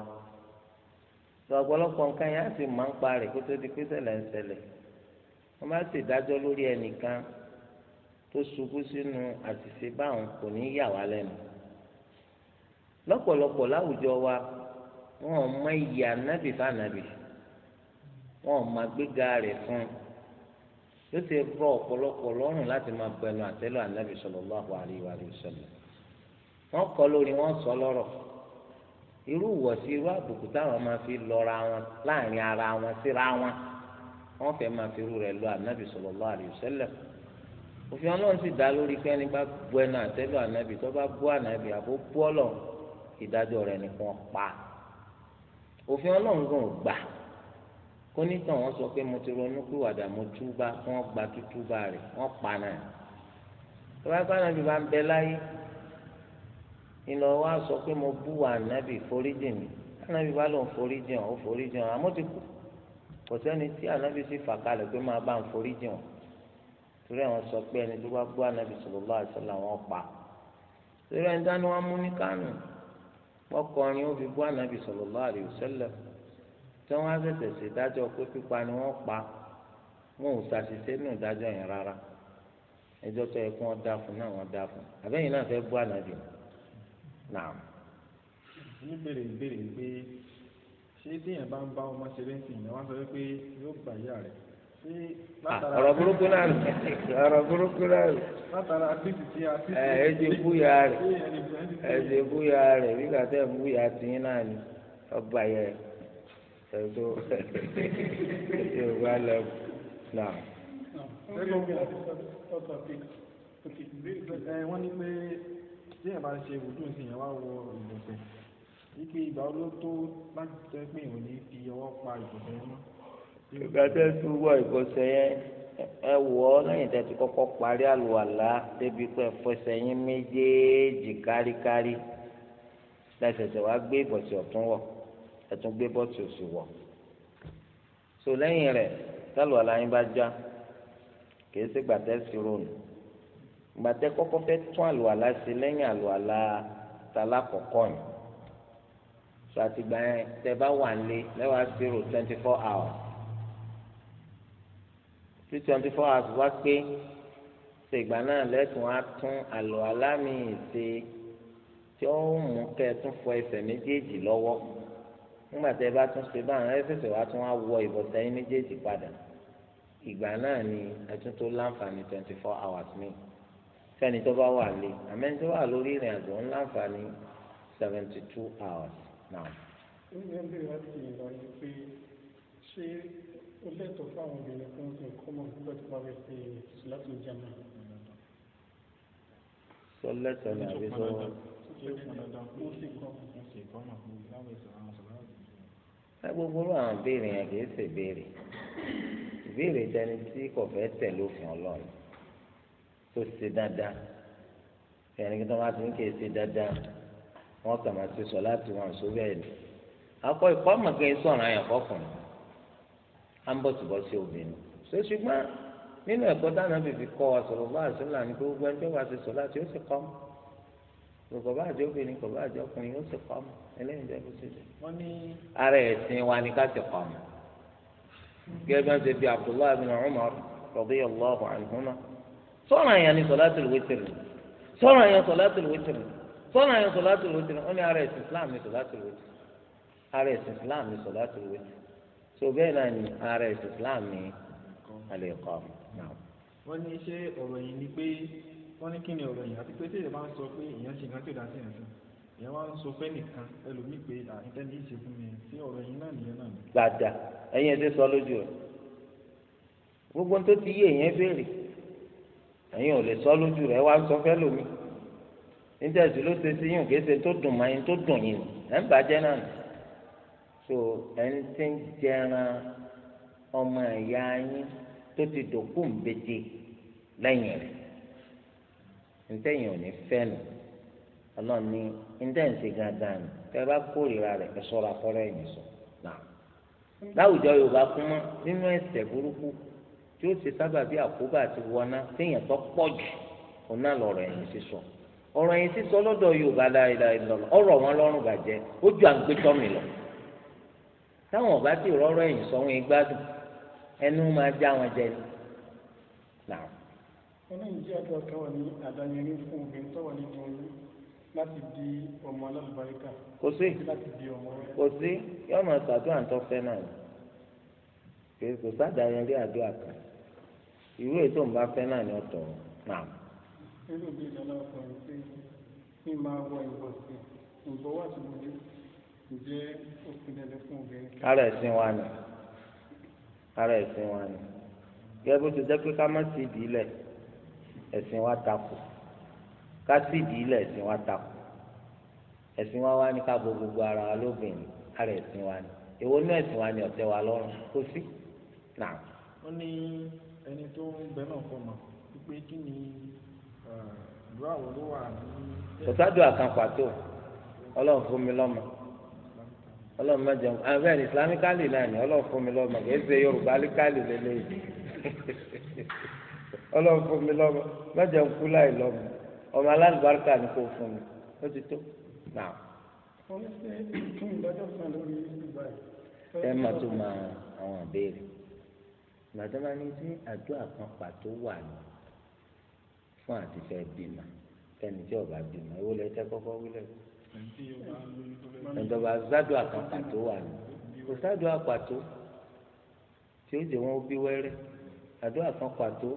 sọ ọ̀pọ̀lọpọ̀ nǹkan yẹn á sì máa ń pa rẹ̀ kó tó di pé ṣẹlẹ̀ ń ṣẹlẹ̀ wọ́n bá sì dájọ́ lórí ẹnìkan tó ṣubú sínú àṣìṣe báwọn kò ní yà wá lẹ́nu lọ́pọ̀lọpọ̀ láwùjọ wa wọn ò mọ iyì ànábì fànàbì wọn ò máa gbéga rẹ̀ fún un ló ti rọ ọ̀pọ̀lọpọ̀ lọ́rùn láti máa bẹnu àtẹ́lù ànábì sallallahu alaihi wa sallam wọ́n kọ́ lórí wọ́n sọ lọ́rọ̀ irú ìwọ̀sí irú àbùkù táwọn máa fi lọ́ra wọn láàrin ara wọn síra wọn wọn fẹ́ máa fi irú rẹ̀ lọ ànábì sallallahu alaihi wasallam òfin ọlọ́run sì dá lórí pé ẹni bá bu ẹnu àtẹ́lù ànábì tó bá bu ànábì àbó bu ọlọ́ ìdájọ́ rẹ̀ nìkan pa òfin ọlọ́run gan gbà kó nítàn wọn sọ pé mo ti ronú pé wàdà mo túbá wọn gba tútúbá rẹ̀ wọn pa náà tó bá bá ànábì bá ń bẹ láyé ìlọ wa sọ pé mo bú wa ànábì foríjì mi ànábì bá lòun foríjì hàn ó foríjì hàn àmọ́ ti kú kò sẹ́ni tí ànábì sì fà kalẹ̀ pé máa bá ń foríjì hàn torí àwọn sọ pé ẹni tó bá bú ànábì sallallahu alaihi wasallam wọ́n pa torí ẹni dání wọn mú ní kánò ọkọrin ó fi bú ànábì sallallahu alaihi wasallam tí wọ́n á ṣẹ̀ṣẹ̀ ṣèdájọ́ pé pípa ni wọ́n pa wọn ò ṣàṣìṣe nù dájọ́ yẹn rárá ẹjọ́ tó yẹ kí wọ́n dá náà wọ́n dá àbẹ́yìn náà fẹ́ bú ànábì ni. náà. ní bèrè ìbéèrè pé ṣé téèyàn bá ń bá ọmọ ṣeré sí ìyẹn wọn sọ pé yóò gbà yá rẹ ọ̀rọ̀ burúkú náà rẹ̀ ọ̀rọ̀ burúkú náà rẹ̀ ẹ̀ ẹ̀ ti búya rẹ̀ ẹ̀ ti búya rẹ̀ nígbà tẹ̀ ń náà ni yẹ ní pé tí ẹ̀ bá ṣe wùdú sí yẹn wá wọ ìbọ̀sẹ̀ wípé ìgbà wo ló tó láti tẹ́ pé òun ní fi ọwọ́ pa ìbọ̀sẹ̀ yẹn mọ́. ìgbà tẹ́ tún wọ ìbọ̀sẹ̀ yẹn ẹ wọ̀ ọ́ lẹ́yìn tẹ́ ti kọ́kọ́ parí àlùwàlá débi pé ẹ̀fọ́sẹ̀ yín méjèèjì káríkárí lẹ́sẹ̀sẹ̀ wá gbé ìbọ̀sẹ̀ ọ̀tún wọ̀ ẹ̀tún gbé bọ́ọ̀tì òsì wọ̀ so lẹ́yìn rẹ̀ tálùwàlá yín bá já kì í sí gbàtẹ́ sí ronù gbàtẹ kọ́kọ́ fẹ́ tún àlùwàlá ṣe lẹ́yìn àlùwàlá tala kọ́kọ́ yìí so àtìgbà yẹn tẹ bá wà lé lẹwà zero twenty four hours tí twenty four hours wá pé ṣe ìgbà náà lẹ́tùn á tún àlùwàlá mi ṣe tí ó mú kẹ́ ẹ tún fọ ẹsẹ̀ méjèèjì lọ́wọ́ nígbà tẹ bá tún ṣe báyìí ẹ ṣẹ̀ṣẹ̀ wá tún á wọ ìbọ̀sẹ̀ yín méjèèjì padà ìgbà náà ni ẹ tó láǹfààní twenty four hours mi fẹ́ni tó bá wà lé àmẹ́ni tó wà lórí ìrìn àjò ń láǹfààní seventy two hours now. ó ní ẹgbẹ́ láti ìlọrin pé ṣé ó lẹ́tọ̀ọ́ fáwọn obìnrin kan tó ń mọ̀ nígbà tó bá fẹ́ ṣe sùlátù jámà. sọ lẹ́tọ̀ọ́ ní àbí sọ wọn. ẹ gbogbo ló àwọn béèrè yẹn kì í ṣèbéèrè ìbéèrè jẹni tí kò fẹ́ tẹ̀ lófin ọlọ́run. tó ṣe dáadáa ẹni kí tó máa ti ń ké ṣe dáadáa kà máa akọ ìkọ́ sọ̀rọ̀ àyàn ń bọ̀sibọ̀sí obìnrin ṣé ṣùgbọ́n nínú ẹ̀kọ́ dáná bìbí kọ́ ọ̀sọ̀rọ̀ bá bá sọ láti ó sì kọ́ mọ́ obìnrin ọkùnrin ó ara ẹ̀sìn wa ni ká ti kọ́ mọ́ gẹ́gẹ́ bí Abdullahi bin Umar sọ̀rọ̀ àyàn ni sọ̀látùl wítìrì sọ̀rọ̀ àyàn sọ̀látùl wítìrì sọ̀rọ̀ àyàn sọ̀látùl wítìrì ó ní ara ẹ̀sìn Islam ni sọ̀látùl wítìrì ara ẹ̀sìn Islam ni sọ̀látùl wítìrì so bẹ́ẹ̀ náà ni ara ẹ̀sìn Islam ni alẹ́ kọ́ wọ́n ní ṣé ọ̀rọ̀ yìí ni pé wọ́n ní kí ni ọ̀rọ̀ yìí àti pé tí èèyàn bá ń sọ pé èèyàn ṣe nǹkan tí ò dá wá ń sọ pé nìkan ẹlòmíì pé àìtẹ́ni ìṣe fún mi sí ọ̀rọ̀ yìí náà nìyẹn náà. gbàdà ẹ̀yin ẹ̀ sọ lójú rẹ̀ gbogbo tó ti yé èèyàn béèrè ẹ̀yin ò lè sọ lójú rẹ̀ wá sọ fẹ́ lómi níjẹ̀sí ló ṣe sí yín kéṣe tó dùn máa yín tó dùn yín ni ẹ̀ ń bàjẹ́ náà nù so ẹni tí ń jẹran ọmọ ẹ̀yà yín tó ti dòkú ńbẹ́jẹ lẹ́yìn rẹ̀ ntẹ́yìn ò ní fẹ́ nù ọlọ́run ní ntẹ́ǹsì gangan nù tẹ́ bá kórìíra rẹ̀ ẹ sọ́ra fọ́rọ́ ẹ̀yìn sọ náà láwùjọ Yorùbá kún mọ́ nínú ẹ̀ṣẹ̀ burúkú tí ó ṣe sábàbí àkóbá àti wọná téèyàn tó pọ̀ jù òun náà lọ̀rọ̀ ẹ̀yìn sísọ ọ̀rọ̀ ẹ̀yìn sísọ lọ́dọ̀ Yorùbá láìláì lọ́lọ́ ọ̀rọ̀ wọn lọ́rùn bàjẹ́ ó ju àgbétọ́ mi lọ táwọn ọba tí ìrọ́rọ́ ẹ̀yìn sọ wọn gbádùn ẹnu máa já wọn jẹ náà. ẹlẹ́yìn jẹ́ àdúrà kan wà ní àdáyẹrí fún obìnrin tó wà nínú oyún láti di ọmọ alábàríkà. kò sí kò sí yọ̀ọ́ máa ṣàdúrà tó fẹ́ náà kò sádàáyẹrí àdúrà kan irú ètò ń bá fẹ́ náà ni ọ̀tọ̀ náà. irú bí ìlànà ọkùnrin pé kí n máa wọ ìbọ̀sẹ̀ ìbọ̀wọ́ àti ìbòjú ǹjẹ́ òfin ẹ̀dẹ̀ fún obìnrin. ara ẹ̀sìn wa ni ara ẹ̀sìn wa ni gẹ́gẹ́ bó ti jẹ́ pé ká má sí ìdí ilẹ̀ ẹ̀sìn wa takò ká sí ìdí ilẹ̀ ẹ̀sìn wa takò ẹ̀sìn wa wá ní ká bo gbogbo ara wa lóbìnrin ara ẹ̀sìn wa ni èwo ní ẹ̀sìn wa ni ọ̀tẹ̀ wa lọ́rùn kò sí náà. ó ní ẹni tó ń bẹ náà fọ mọ̀ pé kí ni àdúrà wo ló wà ní. kò sádùn àkàn pàtó ọlọ́run fún mi lọ́mọ ọlọ́run mẹ́jọ abẹ́ẹ̀ ah, ní islamicali náà ni ọlọ́run fún mi lọ́mọ kì í ṣe yorùbá alikali lélẹ́yìn ọlọ́run fún mi lọ́mọ mẹ́jọ ń kú láì lọ́mọ ọmọ alábàárìkà ni kò fún mi ó ti tó náà. ẹ má tún máa àwọn àbẹ́rẹ́ gbàdúrà ní sí àdúrà kan pàtó wà ní fún àti fẹ́ bímọ tẹni tí ọba bímọ owó lẹsẹ kọ́kọ́ wílẹ̀ ẹnìtọ́ba gbàdúrà kan pàtó wà ní kò sádùá pàtó tí ó jẹ wọn ó bí wẹ́rẹ́ àdúrà kan pàtó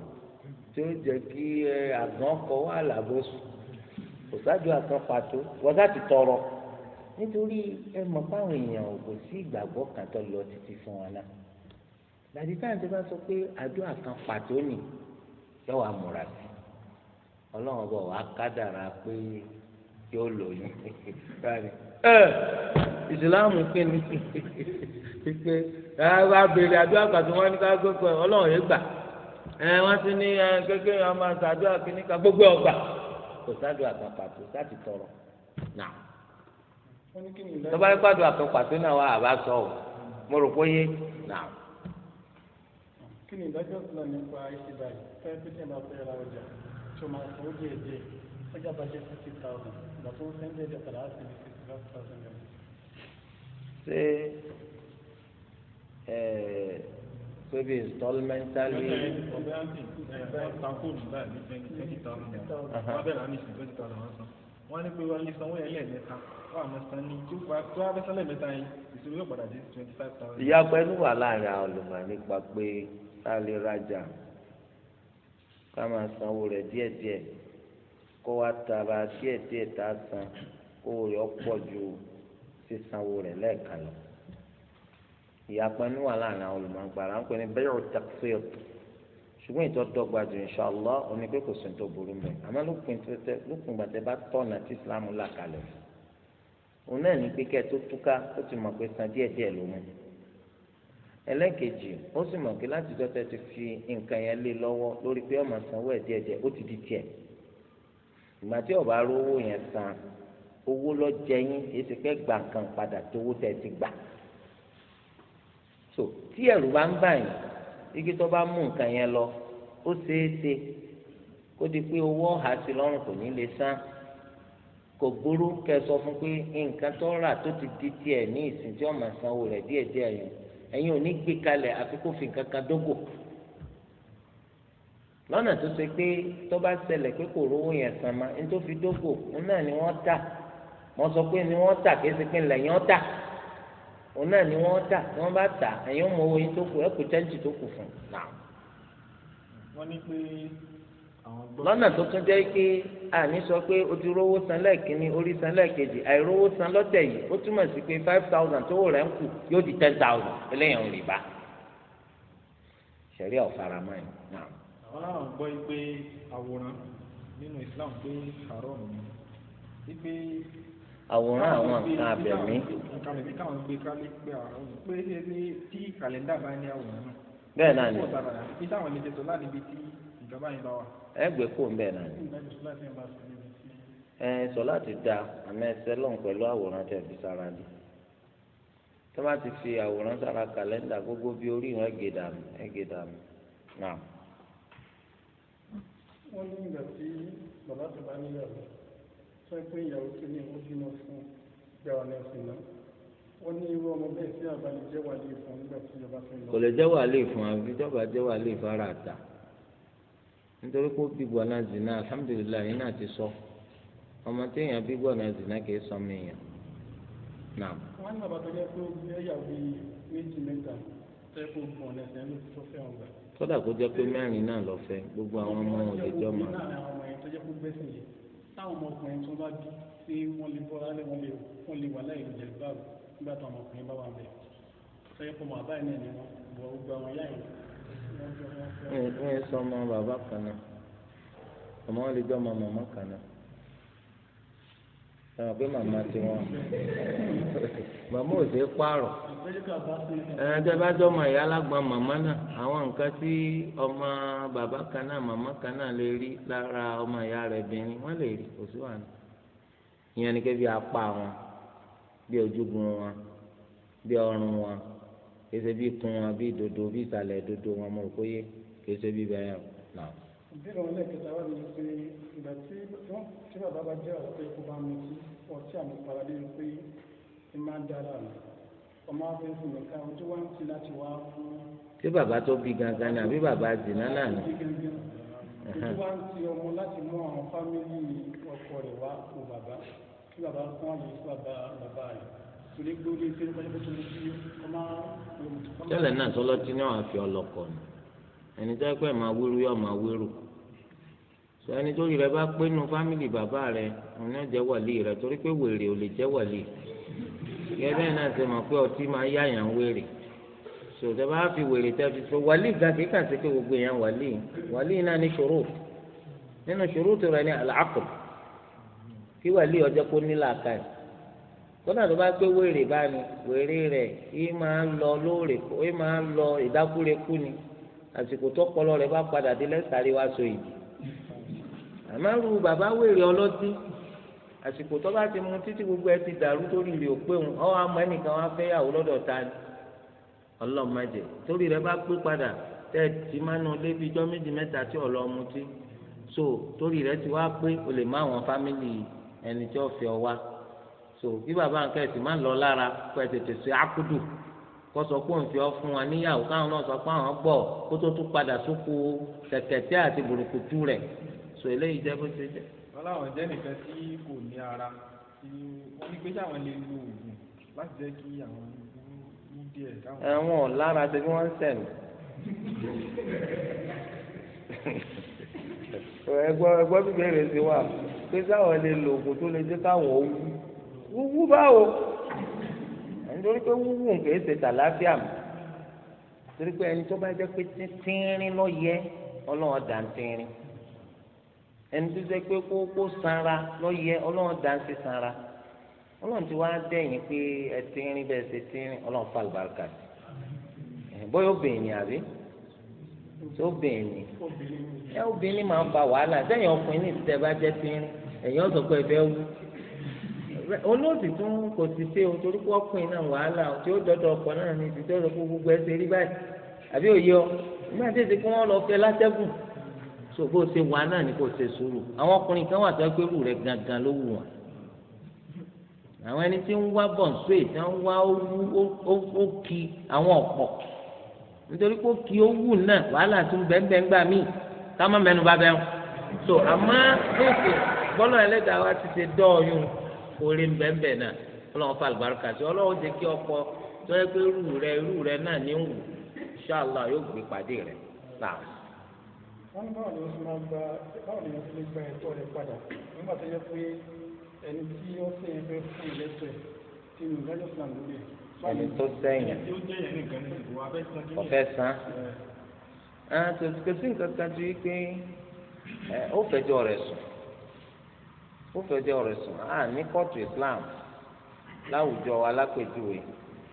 tí ó jẹ kí àgàn kọ wà lábọ́sùn kò sádùá kan pàtó wọ́n sá tọrọ nítorí ẹ mọ̀ fáwọn èèyàn kò sí ìgbàgbọ́ kan lọ títí fún wọn náà. gbàdí táyà tó bá sọ pé àdúrà kan pàtó nì yóò wá múra sí ọlọ́run ọba wàá kádàrà pé yóò lóyún ẹ ìsìláàmù pé ní pípé bá béèrè àdúrà pàtó wọn ní ká gbẹgbẹ ọlọ́run yẹn gbà ẹ wọn ti ní kékeré ọmọ àtàdúrà kìnnìkà gbogbo ọgbà kò sádùn àkàn pàtó láti tọrọ nà tọ́ba yẹn gbàdúrà kan pàtó náà wà á bá sọ ọ́ mo rò pé yé náà. ni ìdájọ́ tó lọ nípa ìṣèdá yìí fẹ́ẹ́ tó tẹ̀lé ọ̀pẹ́ ra ọjà tó máa fowó díẹ̀ díẹ̀ ọjà bàjẹ́ fifty thousand ìgbà tó ń sẹ́ńdẹ̀ ẹ̀jẹ̀ padà á sì ní sixty five thousand naira. ṣé ẹ pé bí installmentally. ọ̀bẹ́ àǹtí ọ̀tàkùn báyìí ní twenty twenty thousand naira wọ́n bẹ̀rẹ̀ á ní ìsìn twenty thousand naira san wọ́n wà láàrin àwọn olùmọ̀ nípa pé tá a lè rajà ká máa sanwó rẹ̀ díẹ̀díẹ̀ kó wa tara díẹ̀díẹ̀ tá a san kó o yọ pọ̀ ju sísanwó rẹ̀ lẹ́ẹ̀kan lọ. ìyàpẹ́ níwà láàrin àwọn olùmọ̀gbàrà ń pè ní bẹ́ẹ̀rù takfir ṣùgbọ́n ìtọ́ dọ́gba jù inṣàlá oní pé kò sí tó burú mẹ́ àmọ́ lópin gbàtẹ́ bá tọ̀nà tí islam là kalẹ̀ òun náà ní pé kẹ́ tó túká ó ti mọ̀ pé san díẹ̀díẹ̀ ló mú ẹlẹ́ẹ̀kejì ó sì mọ̀ pé láti jọ́ tẹ́ ti fi nǹkan yẹn lé lọ́wọ́ lórí pé ọmọ sanwó ẹ̀ díẹ̀díẹ̀ ó ti di tiẹ̀ ìgbà tí ọba rówó yẹn san owó lọ jẹyìn kì í ṣe pé gbà kan padà tówó tẹ́ ti gbà so tí ẹ̀rù bá ń báyìí igi tó bá mú nǹkan yẹn lọ ó ṣeé ṣe kó di pé owó ọ̀hà sí lọ́rùn kò ní lè san kò burú kẹ́ sọ fún pé nǹkan tó rà tó ti di tiẹ̀ ní ìsìn tí ọmọ sanwó rẹ̀ díẹ̀díẹ̀ yẹn ẹ̀yin ò ní gbé kalẹ̀ àfi kó fi nǹkan kan dógò lọ́nà tó ṣe pé tó bá ṣẹlẹ̀ pé kò rówó yẹn ma ní tó fi dógò òun náà ni wọ́n tà wọ́n sọ pé ni wọ́n tà kí ẹ ṣe pé ni wọ́n tà tí wọ́n bá tà ẹ̀yin mọ owó tó kù tó kù lọ́nà tó tún jẹ́ pé àní sọ pé o ti rówó san lẹ́ẹ̀kínní orí san lẹ́ẹ̀kejì àìrówó san lọ́tẹ̀ yìí ó túmọ̀ sí pé five thousand tó wò rẹ̀ ń kù yóò di ten thousand eléyàn ò lè bá ṣẹ̀rí ọ̀fara mọ́ ẹ̀ náà. àwọn aráàlú gbọ́ pé àwòrán nínú Islam pé haram ni wípé. àwòrán àwọn nǹkan abẹ̀mí. nǹkan abẹ̀mí káwọn gbé kálí pé àwọn pé ẹni tí kàlẹ́ndà bá ní àwòrán náà. bẹ́ẹ̀ náà ni. Egbe kò ń bẹ̀ náà ẹ sọ láti da ame ẹsẹ lọ́n pẹ̀lú àwòrán tẹ̀ fi sára ni ti fi àwòrán sára gbogbo bi orí iran ẹgẹ na. ẹgẹ dànù ní ìgbà tí bàbá tó bá níyàwó sọ pé ìyàwó tó ní ó bímọ fún ìgbà náà ní irú ọmọ sí fún nígbà tí ara àta. nítorí pé ó bí gbọ́nà zina alhamdulilayi náà ti sọ ọmọ téèyàn bí gbọ́nà zina kì í sọ mí yàn. wọ́n ní bàbá tó jẹ́ pé ó bí ẹ̀yà bíi méjì mẹ́ta tẹ́kọ̀ gbọ̀n ẹ̀sẹ̀ ló ti sọ fẹ́ ọ̀gá. kódà kó jẹ́ pé mẹ́rin náà lọ fẹ́ gbogbo àwọn ọmọ wọn lè jọ mọ́. táwọn ọmọkùnrin tó bá bí tí wọ́n lè bọ́ lálẹ́ wọ́n lè táwọn ọmọkùnrin bá wà ní ẹ sọ ọmọ bàbá kan náà ọmọ wọn lè jọ ọmọ màmá kan náà sọ pé màmá ti wọn màmá ò sí pààrọ̀ ẹnìtẹ bá jọ ọmọ ìyá alágbọn màmá náà àwọn nǹkan tí ọmọ bàbá kan náà màmá kan náà lè rí lára ọmọ ìyá rẹ̀ bìnrin wọn lè rí kò sí wàhálà ìyẹn ni kébí apá wọn bí ojúgun wọn bí ọrùn wọn kése bí kun wọn bí dodo bí ìsàlẹ̀ dodo wọn mo rò pé yé kése bí bẹ́ẹ̀ náà. ìbéèrè wọn lẹ́ẹ̀kẹta wà nínú pé ìgbà tí wọ́n tí bàbá bá jẹ́ àwọn pé kó bá mu sí ọtí àmupara nínú pé ẹ máa dára nù ọmọ afẹ́ fún mi ká ojú wa ń ti láti wá fún. ṣé bàbá tó bí gangan ni àbí bàbá zìnnà náà ni. ojú wa ń ti ọmọ láti mú àwọn fámìlì ọkọ rẹ̀ wá fún bàbá kí bàbá fún àyè fún bàbá rẹ̀ tẹ́lẹ̀ náà tọ́lọ́tí ni wọ́n á fi ọlọ́kọ̀ ni ẹni tó ẹgbẹ́ máa wérú yóò máa wérú sọ ẹni tó rí rẹ bá pé nu fámìlì bàbá rẹ òun náà jẹ́ wàlí rẹ torí pé wèrè ò lè jẹ́ wàlí yẹ bẹ́ẹ̀ náà ṣe mọ̀ pé ọtí máa yá yàn wèrè sọ tẹ bá fi wèrè tẹ fi sọ wàlí ga kíkà sí pé gbogbo èèyàn wàlí wàlí náà ní ṣòro nínú ṣòro tó rẹ ní àlàkùn kí wàlí ọjọ́ kó nílà ká yìí kódà tó bá gbé wèrè báni wèrè rẹ̀ yìí máa ń lọ lóòrè yìí máa ń lọ ìdákúrekú ni àsìkò tó kpọlọ rẹ̀ bá padà dé lẹ́sàrí wa sọ yìí àmàlù bàbá wèrè ọlọ́tí àsìkò tó bá ti mu títí gbogbo ẹ ti dàrú torí rè ó òun ọ àmọ́ ẹnìkan wá fẹ́ yàwó lọ́dọ̀ ta ni ọlọ́mọdé torí rẹ̀ bá pé padà tẹ́ ẹ ti máa nu lébi ijọ́ méjì mẹ́ta tí ọ̀lọ́ mutí so torí rẹ̀ ti wá pé o má àwọn fámìlì ẹni tí ó so bí bàbá nǹkan ẹ̀sìn máa ń lọ lára kó ẹ tètè ṣe ákúdù kó sọ pé òǹfẹ́ ọ fún wa níyàwó káwọn náà sọ pé àwọn gbọ́ kó tó tún padà sóko tẹ̀kẹ̀tẹ̀ àti burúkutu rẹ̀ so eléyìí jẹ́ bó ṣe jẹ́. ọlọ́run jẹ́ nìkan tí kò ní ara tí wọ́n ní pé sáwọn lè lo oògùn láti jẹ́ kí àwọn ní díẹ̀ káwọn. ẹ̀wọ̀n lára ṣe bí wọ́n ń sẹ̀mí. ẹgbọ́n bíbélì ti wà pé sáwọn lè lo oògùn tó lè jẹ́ káwọn ó wú wúwú báwo nítorí pé wúwú nǹkan èsè tàlàáfíà mi torí pé ẹni tó bá jẹ́ pé tínrín lọ yẹ ọlọ́run dà ń tínrín ẹni tó jẹ́ pé kókó sanra lọ yẹ ọlọ́run dà ń sí sanra ọlọ́run ti wá dẹ̀yìn pé ẹ tínrín bẹ́ẹ̀ ṣe tínrín ọlọ́run fà lùbáríkà sí bóyá obìnrin ni àbí tó obìnrin ẹ obìnrin máa ń fa wàhálà sẹ́yìn ọkùnrin ní ìtẹ́ bá jẹ́ tínrín ẹ̀yìn ọ̀sọ̀ pé ẹ fẹ́ wú olóòtú tún kò sì ṣe o torí pé ọkùnrin náà wàhálà o tí ó dọdọ ọkọ náà ní ti tó lọ kó gbogbo ẹ ṣe rí báyìí àbí òye ọ nígbà tí èsì kí wọn lọ fẹ́ látẹkùn so bó ṣe wà náà ni kò ṣe sùúrù àwọn ọkùnrin kan wà tó ẹ pé rú rẹ gangan ló wù wọn àwọn ẹni tí ń wá bọ̀nsóè tí wọ́n wá ó ki àwọn ọ̀pọ̀ nítorí pé ó ki ó wù náà wàhálà tún bẹ́ẹ̀ bẹ́ẹ̀ so àmọ́ lóòkè bọ́lá ẹlẹ́dàá wa ti orí ńbẹ́ńbẹ́ náà ọlọ́run fa àlùbáríkà sí ọlọ́run jẹ́ kí ọkọ tó yẹ pé rú rẹ rú rẹ náà ní wù ṣáàlà yóò gbé pàdé rẹ náà. wọ́n bá ọ̀nà oṣù máa gba báwo ni gba ẹ̀tọ́ padà nígbà tó yẹ pé ẹni tí ó sẹ́yìn fẹ́ fún tí mi fún ẹni tó sẹ́yìn ọ̀fẹ́ san ah, nǹkan kan pé ó fẹjọ́ sùn. ó fẹjọ́ rẹ̀ sùn á ní kóòtù islam láwùjọ alápèjúwe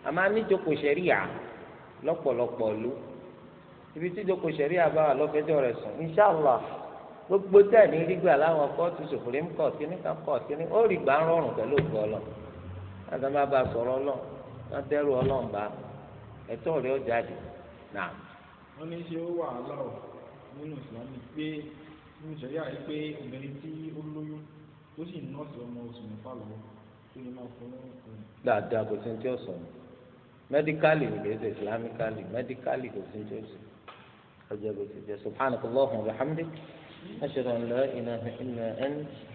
a máa níjókòó sẹríà lọ́pọ̀lọpọ̀ ìlú ibi tí jókòó sẹríà bá wà lọ́fẹjọ́ rẹ̀ sùn inshàlá gbogbo tẹ̀ ní rígbà láwọn kóòtù supreme court kíní kan court kíní ó rí gbà ń rọrùn pẹ̀lú òkú ọlọ láti má bá sọ̀rọ̀ ọlọ wọn dẹ́rù ọlọ́run bá ẹ̀tọ́ rẹ̀ ó jáde náà. wọ́n ní ṣé ó wà á lọ́rọ̀ nínú ìsìlámù pé nínú ìṣẹ̀lẹ̀ àyè pé obìnrin tí ó lóyún tó sì nọ́ọ̀sì ọmọ oṣù mẹ́fà lọ́wọ́ tó yẹ máa fọwọ́ ọ̀hún. dáadáa kò sí ní tí ó sọ mẹdíkálì ni kìí ṣe islamikálì kò sí ní tí ó sọ ọjọ́ bó ti jẹ́ subhanakallahumma wa bihamdik ashhadu an la ilaha illa anta.